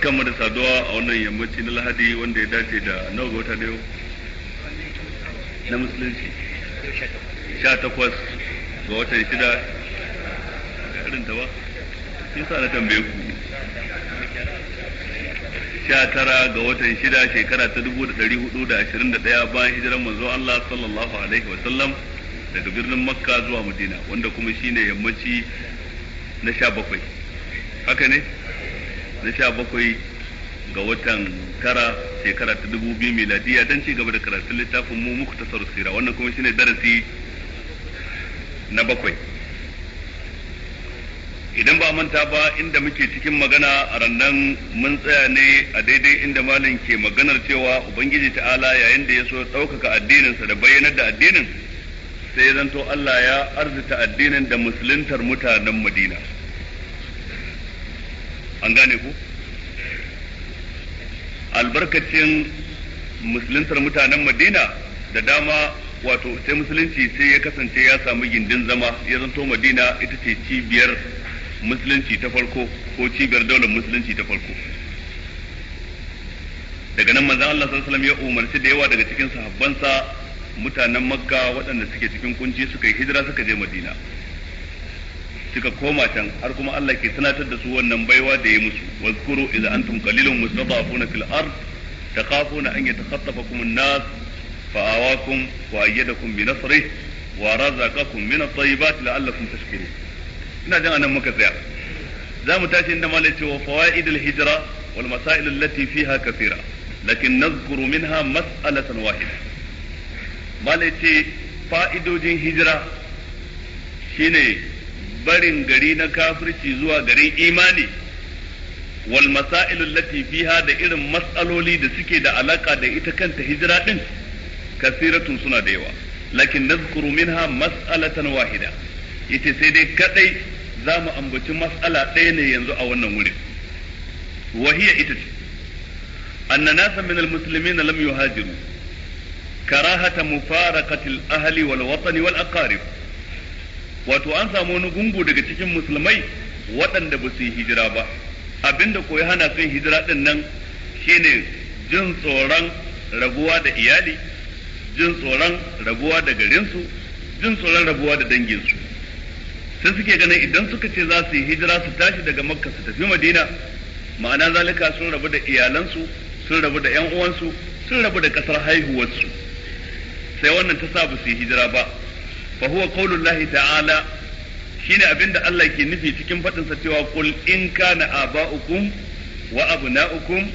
barkan mu da saduwa a wannan yammaci na lahadi wanda ya dace da nawa ga wata da yau na musulunci sha takwas ga watan shida irin ta ba shi sa na tambaye ku sha tara ga watan shida shekara ta dubu da dari hudu da ashirin da ɗaya bayan hijiran manzo Allah sallallahu alaihi wa sallam daga birnin Makka zuwa Madina wanda kuma shine yammaci na sha bakwai haka ne na sha bakwai ga watan tara shekara ta dubu biyu miladiya don ci gaba da karatun littafin mu muku ta sira wannan kuma shine darasi na bakwai idan ba manta ba inda muke cikin magana a rannan mun tsaya ne a daidai inda malin ke maganar cewa ubangiji ta'ala yayin da ya so ɗaukaka addininsa da bayyanar da addinin sai ya zanto Allah ya arzita addinin da musuluntar mutanen Madina. an gane ku albarkacin musuluntar mutanen madina da dama wato sai musulunci sai ya kasance ya samu gindin zama ya zanto madina ita ce cibiyar musulunci ta farko ko cibiyar daular musulunci ta farko daga nan maza Allah sallallahu alaihi wasallam ya umarci da yawa daga cikin sahabbansa mutanen makka waɗanda suke cikin kunci suka yi hijira suka je madina suka koma can har kuma Allah ke tunatar da su wannan baiwa da ya musu wazkuru idza antum qalilun mustadafuna fil ard takhafuna an yatakhattafakum an-nas fa'awakum wa ayyadakum bi nasrihi wa razaqakum min at-tayyibat la'allakum tashkurun ina jin anan muka tsaya za mu tashi inda malai cewa fawaid al-hijra wal masail allati fiha kathira lakin nazkuru minha mas'alatan wahida malai ce fa'idojin hijira shine barin gari na kafirci zuwa garin imani wal masailu allati fiha da irin matsaloli da suke da alaka da ita kanta hijira din kasiratun suna da yawa lakin nazkuru minha mas'alatan wahida ita sai dai kadai za mu ambaci mas'ala ɗaya ne yanzu a wannan wurin wahiya ita ce anna nasan min almuslimin lam yuhajiru karahata mufaraqati ahli wal watani wal aqarib wato an samu wani gungu daga cikin musulmai waɗanda ba su yi hijira ba abinda ko ya hana sun hijira ɗin nan ne jin tsoron rabuwa da iyali jin tsoron rabuwa da garinsu jin tsoron rabuwa da danginsu sai suke ganin idan suka ce za su yi hijira su tashi daga makka su tafi madina ma'ana zalika sun rabu da iyalansu sun rabu da yan uwansu sun rabu da kasar haihuwarsu sai wannan ta sa ba su yi hijira ba فهو قول الله تعالى شين أبند الله كي نفي تكن فتن ستوى قل إن كان آباؤكم وأبناؤكم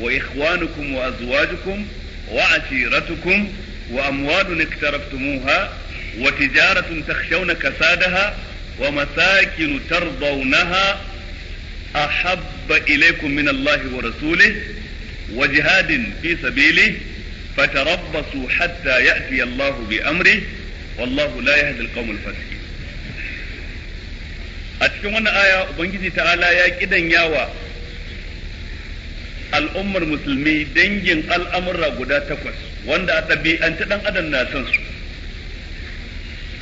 وإخوانكم وأزواجكم وعشيرتكم وأموال اقترفتموها وتجارة تخشون كسادها ومساكن ترضونها أحب إليكم من الله ورسوله وجهاد في سبيله فتربصوا حتى يأتي الله بأمره wallahu لا يهدي القوم الفاسقين a cikin wannan aya ubangiji ta'ala ya kidanyawa al'ummar musulmi dangin al'amurra guda takwas wanda a ta ɗan adam na san su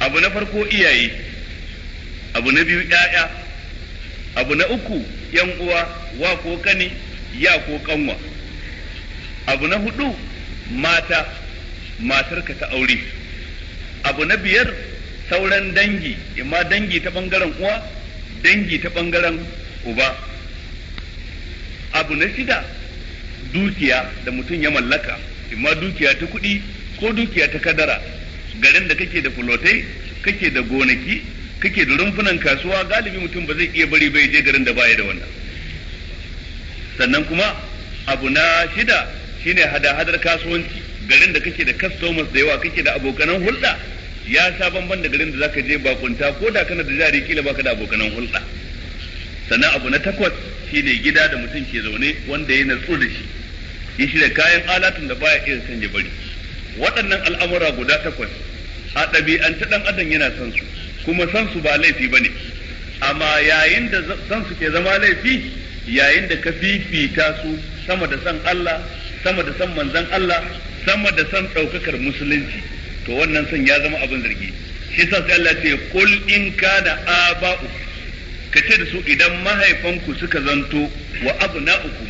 abu na farko iyaye abu na biyu ‘ya'ya abu na uku ‘yan uwa wa ko kani ya ko kanwa abu na hudu mata matarka ta aure abu na biyar sauran dangi imma dangi ta bangaren uwa dangi ta bangaren uba abu na shida dukiya da mutum ya mallaka imma dukiya ta kuɗi ko dukiya ta kadara garin da kake da fulotai kake da gonaki kake da rumfunan kasuwa galibi mutum ba zai iya bari bai je garin da baya da wannan sannan kuma abu na shida shine hada-hadar kasuwanci garin da kake da customers da yawa kake da abokanan hulɗa ya sha bamban da garin da zaka je bakunta ko da kana da jari kila baka da abokanan hulɗa sannan abu na takwas shine gida da mutum ke zaune wanda ya natsu da shi ya shirya kayan alatun da baya iya son ya bari waɗannan al'amura guda takwas a ɗabi'anta ɗan adam yana son su kuma son su ba laifi ba ne amma yayin da son su ke zama laifi yayin da ka fifita su sama da son Allah sama da son manzan Allah sama da san ɗaukakar musulunci to wannan san ya zama abin zargi shi yasa sai Allah ce kul in kana aba'u ka ce da su idan mahaifanku suka zanto wa abna'uku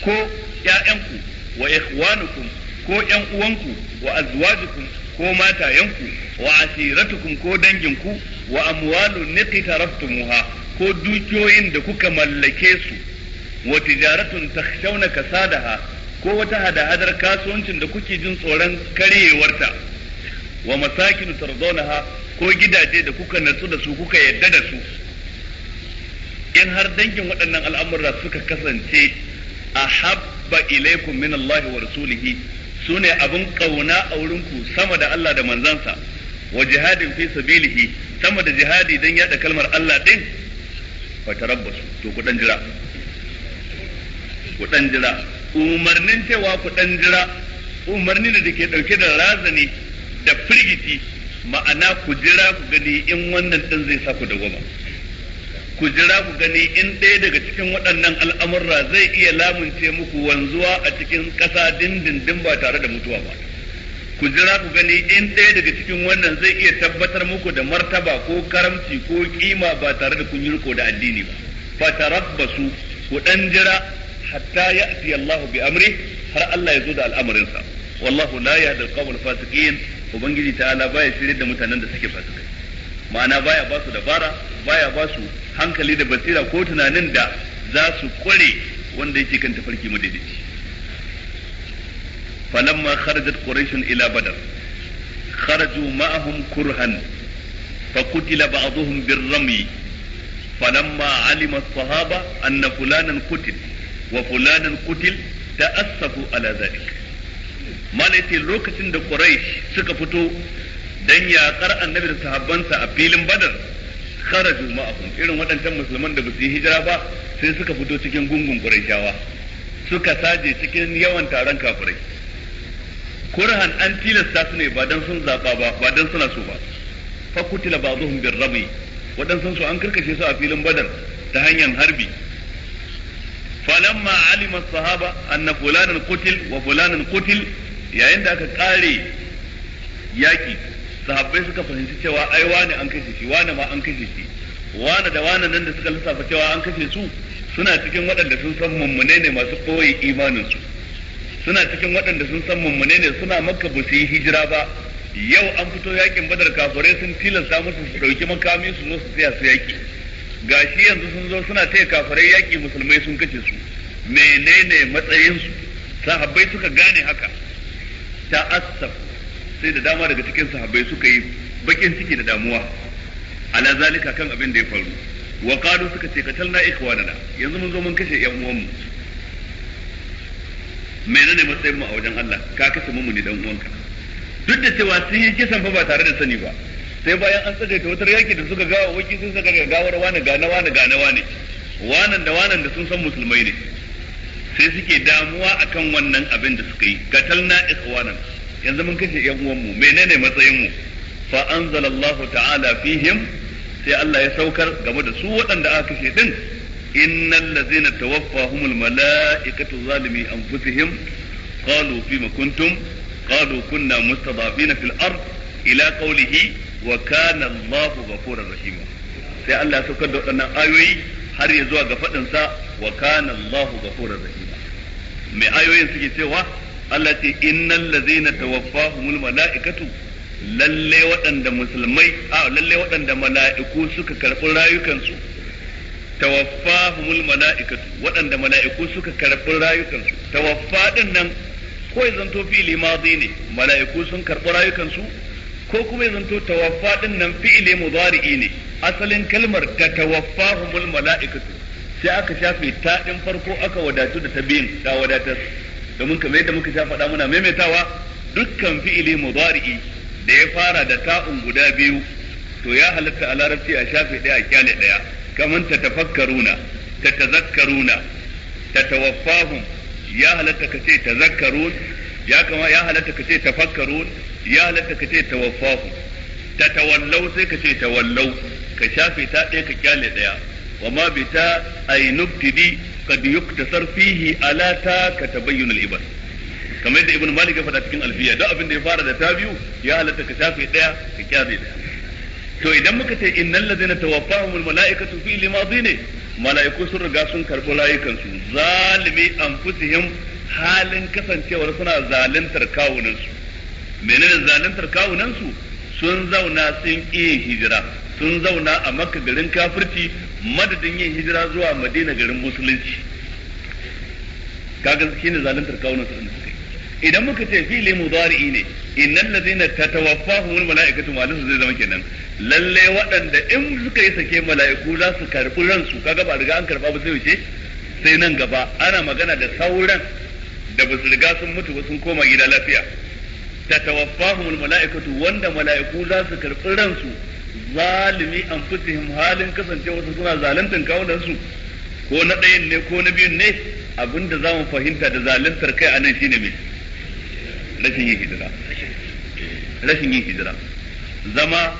ko ƴaƴanku wa ikhwanukum ko ƴan uwanku wa azwajukum ko matayenku wa asiratukum ko danginku wa amwalun niqtaraftumuha ko dukiyoyin da kuka mallake su wa tijaratun takhshawna kasadaha ko wata hada-hadar kasuwancin da kuke jin tsoron karyewarta wa masakinu tarzawnaha ko gidaje da kuka natsu da su kuka yadda da su in har dangin waɗannan al'amura suka kasance a habba ilaikum min Allah wa rasulihi su ne abin ƙauna a wurinku sama da Allah da manzansa wa jihadin fi sabilihi sama da jihadi don yada kalmar Allah ɗin fa tarabbasu to ku ɗan jira ku ɗan jira umarnin cewa ku dan jira umarni da ke dauke da razani da firgiti ma'ana ku jira ku gani in wannan din zai sa ku goma ku jira ku gani in ɗaya daga cikin waɗannan al'amurra zai iya lamunce muku wanzuwa a cikin ƙasa dindindin ba tare da mutuwa ba ku jira ku gani in ɗaya daga cikin wannan zai iya tabbatar muku da martaba ko karamci ko kima ba tare da kun yi da addini ba fatarabbasu ku dan jira hatta ya'ti Allah bi amri har Allah ya zo da al'amarinsa wallahu la yahdi al-qawm fasiqin ubangiji ta'ala baya shirye da mutanen da suke fasikai ma'ana baya ba su dabara baya ba su hankali da basira ko tunanin da za su kware wanda yake kan tafarki madaidaici falamma kharajat quraish ila badar kharaju ma'ahum kurhan فقتل بعضهم بالرمي فلما علم الصحابة أن فلانا قتل wa fulanin kutil da asafu ala zalik malaiti lokacin da quraish suka fito dan yakar annabi da sahabbansa a filin badar kharaju ma'ahum irin waɗancan musulman da ba su yi hijira ba sai suka fito cikin gungun quraishawa suka saje cikin yawan taron kafirai kurhan an tilasta su ne ba dan sun zaba ba ba dan suna so ba fa kutila ba'dhum birrami waɗansu su an karkashe su a filin badar ta hanyar harbi falamma alima sahaba anna fulanan qutil wa fulanan qutil yayin da aka kare yaki sahabbai suka fahimci cewa ai wani an kashe shi wani ma an kashe shi wani da wani nan da suka lissafa cewa an kashe su suna cikin waɗanda sun san mummune ne masu koyi imaninsu suna cikin waɗanda sun san mummune ne suna makka ba su yi hijira ba yau an fito yakin badar kafirai sun tilasta musu su ɗauki makami su zo su tsaya su yaki gashi yanzu sun zo suna taya kafirai yaƙi musulmai sun kace su menene matsayinsu sahabbai suka gane haka asaf sai da dama daga cikin sahabbai suka yi bakin ciki da damuwa ala zalika kan abin da ya faru wa qalu suka ce ka katalna na. yanzu mun zo mun kashe yan uwanmu menene matsayin mu a wajen Allah ka kashe mu ne dan uwanka duk da cewa sun yi kisan fa ba tare da sani ba sai bayan an tsagaita wutar yaki da suka gawa waki sun saka ga gawar wani gane wani gane wani wanan da wanan da sun san musulmai ne sai suke damuwa akan wannan abin da suka yi qatalna ikhwanan yanzu mun kashe yan uwan mu menene matsayin mu fa anzalallahu ta'ala fihim sai Allah ya saukar game da su waɗanda aka kashe din innal ladzina tawaffahumul mala'ikatu zalimi anfusihim qalu fima kuntum qalu kunna mustadafina fil ard ila qawlihi wa kana Allahu ghafurur rahim sai Allah ya saukar da waɗannan ayoyi har ya zuwa ga faɗin sa wa kana Allahu ghafurur rahim mai ayoyin suke cewa Allah ce innal ladzina tawaffahumul malaikatu lalle waɗanda musulmai a lalle waɗanda mala'iku suka karɓi rayukansu tawaffahumul mala'ikatu waɗanda mala'iku suka karɓi rayukansu tawaffa din nan ko yanzu to fili madi ne mala'iku sun karɓi rayukansu ko kuma yanzu zanto tawaffa din nan fi'ile mudari'i ne asalin kalmar ta tawaffahumul mala'ikatu sai aka shafe ta din farko aka wadatu da ta biyun ta wadatar domin kamar yadda muka sha faɗa muna maimaitawa dukkan fi'ile mudari'i da ya fara da ta'un guda biyu to ya halatta a larabci a shafe ɗaya a kyale ɗaya kamar ta tafakkaruna ta tazakkaruna ta tawaffahum ya halatta ka ce tazakkarun ya kama ya halatta ka ce tafakkaru ya halatta ka ce tawaffahu ta tawallau sai ka ce tawallau ka shafe ta ɗaya ka kyale ɗaya wa ma bi ta ay nubtidi qad yuktasar fihi ala ta ka tabayyun al-ibar kamar da ibn malik ya faɗa cikin alfiya duk abin da ya fara da ta biyu ya halatta ka shafe ɗaya ka kyale ɗaya to idan muka ce innal ladina tawaffahumul malaikatu fi limadi ne malaiku sun riga sun karɓi rayukansu zalimi anfusihim halin kasancewar suna zaluntar kawunansu menene zaluntar kawunansu sun zauna sun iya hijira sun zauna a makka garin kafirci madadin yin hijira zuwa madina garin musulunci kaga shine zaluntar kawunansu din suka yi idan muka ce fili mudari'i ne innal ladina tatawaffahumul malaikatu ma zai zama kenan lalle waɗanda in suka yi sake mala'iku za su karɓi ransu kaga ba riga an karɓa ba sai wuce sai nan gaba ana magana da sauran da ba su riga sun mutu ba sun koma gida lafiya ta tatawaffahumul mala'ikatu wanda mala'iku za su karɓi ransu zalimi anfusihim halin kasancewa su suna zaluntar kawunan su ko na ɗayan ne ko na biyun ne abinda za mu fahimta da zaluntar kai anan shine me rashin yin hijira rashin yin hijira zama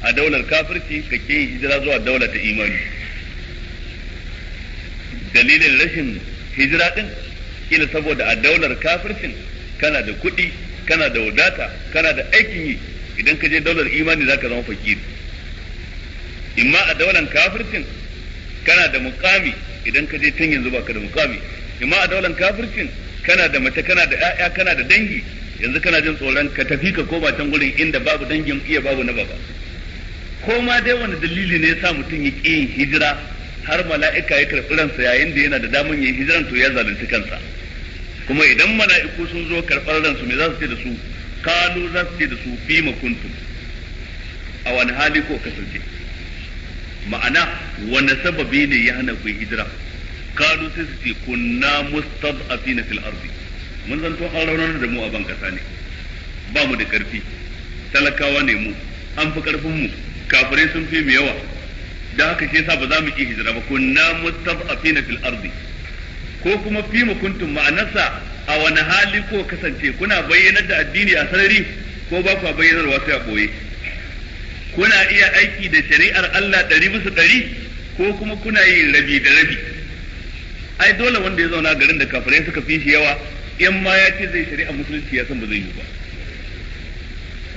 a daular kafirci ka ke yin hijira zuwa daular ta imani dalilin rashin hijira din kila saboda a daular kafircin kana da kuɗi kana da wadata kana da aikin yi idan ka je daular imani zaka zama fakiri imma a daular kafircin kana da mukami idan ka je tun yanzu baka da mukami imma a daular kafircin kana da mace kana da ƴaƴa kana da dangi yanzu kana jin tsoron ka tafi ka koma can gurin inda babu dangin iya babu na baba ko ma dai wani dalili ne yasa mutum ya ƙi yin hijira har mala'ika ya karɓi ransa yayin da yana da daman yin hijiran to ya zalunci kansa kuma idan mala'iku sun zo karɓar ransu me za su ce da su kalu za su ce da su fi a wani hali ko kasance ma'ana wani sababi ne ya hana ku hijira kalu sai su ce kunna mustad'afina fil ardi mun zanto an raunar da mu a ban kasa ne ba mu da karfi talakawa ne mu an fi karfin mu kafirai sun fi mu yawa da haka shi yasa ba za mu ki hijira ba kunna mustad'afina fil ardi ko kuma fi kuntum ma'anarsa a wani hali ko kasance kuna bayyanar da addini a sarari ko ba ku bayyanarwa sai a boye kuna iya aiki da shari'ar Allah ɗari bisa ɗari ko kuma kuna yin rabi da rabi ai dole wanda ya zauna garin da kafirai suka fi shi yawa in ma ya ce zai shari'a musulunci ya san ba zai yi ba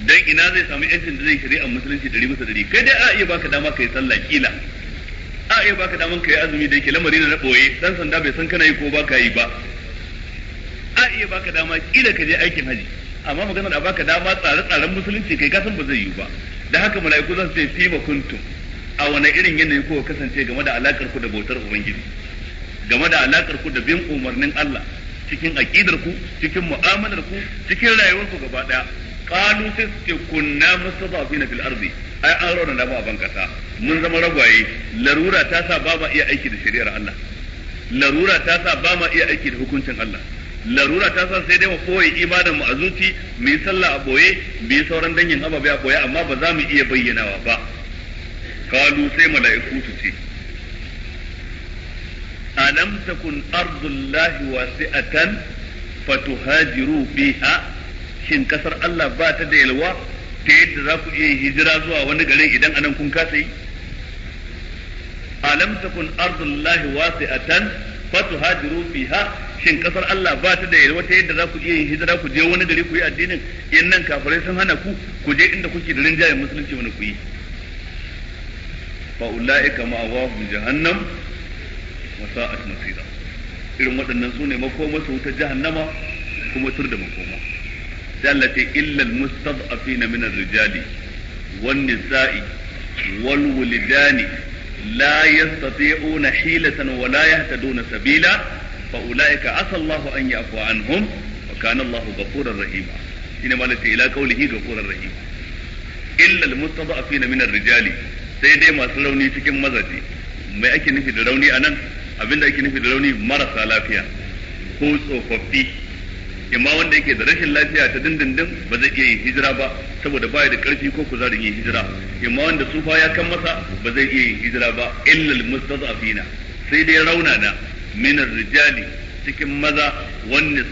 dan ina zai samu yancin da zai shari'a musulunci ɗari bisa ɗari kai dai a iya baka dama kai sallah kila a iya baka daman kai azumi da yake lamari na boye dan sanda bai san kana yi ko baka yi ba a iya baka dama kila ka je aikin haji amma maganar a baka dama tsare-tsaren musulunci kai kasan ba zai yi ba da haka mala'iku za su ce fi ma kuntum a wani irin yanayi ko kasance game da alakar ku da bautar ubangiji game da alakar ku da bin umarnin Allah cikin aqidar ku cikin mu'amalar ku cikin rayuwar ku gaba daya qalu sai su ce kunna mustadafina rauna na mu a mun zama ragwaye larura ta sa ba ma iya aiki da shari'ar Allah larura ta sa ba ma iya aiki da hukuncin Allah larura ta sa sai dai mu koyi imanin mu a zuci mu yi sallah a boye mu yi sauran dangin ababe a boye amma ba za mu iya bayyanawa ba kalu sai mala'iku su ce alam takun ardullahi wasi'atan fatuhajiru biha shin kasar Allah ba ta da yalwa ta yadda za ku iya hijira zuwa wani garin idan anan kun kasa yi alam takun ardullahi wasi'atan fatuhajiru fiha shin kasar Allah ba ta da yalwa ta yadda za ku iya hijira ku je wani gari ku yi addinin in nan kafirai sun hana ku ku je inda kuke da rinjayen musulunci wani ku yi fa ulaika ma'awahum jahannam wa sa'at masira irin waɗannan su ne su wuta jahannama kuma tur da makoma dallati illa almustad'afina min ar-rijali wan nisa'i wal la yastati'una hilatan wa la yahtaduna sabila fa ulaika asa Allahu an ya'fu anhum rijali sai dai masu rauni cikin mazaje mai ake nufi da rauni anan abinda ake nufi da rauni marasa lafiya ko tsofaffi amma wanda yake da rashin lafiya ta dindindin ba zai iya yin hijira ba saboda baya da karfi ko kuzarin yin hijira amma wanda tsufa ya kan masa ba zai iya yin hijira ba illal mustazafina sai dai raunana min rijali cikin maza wanda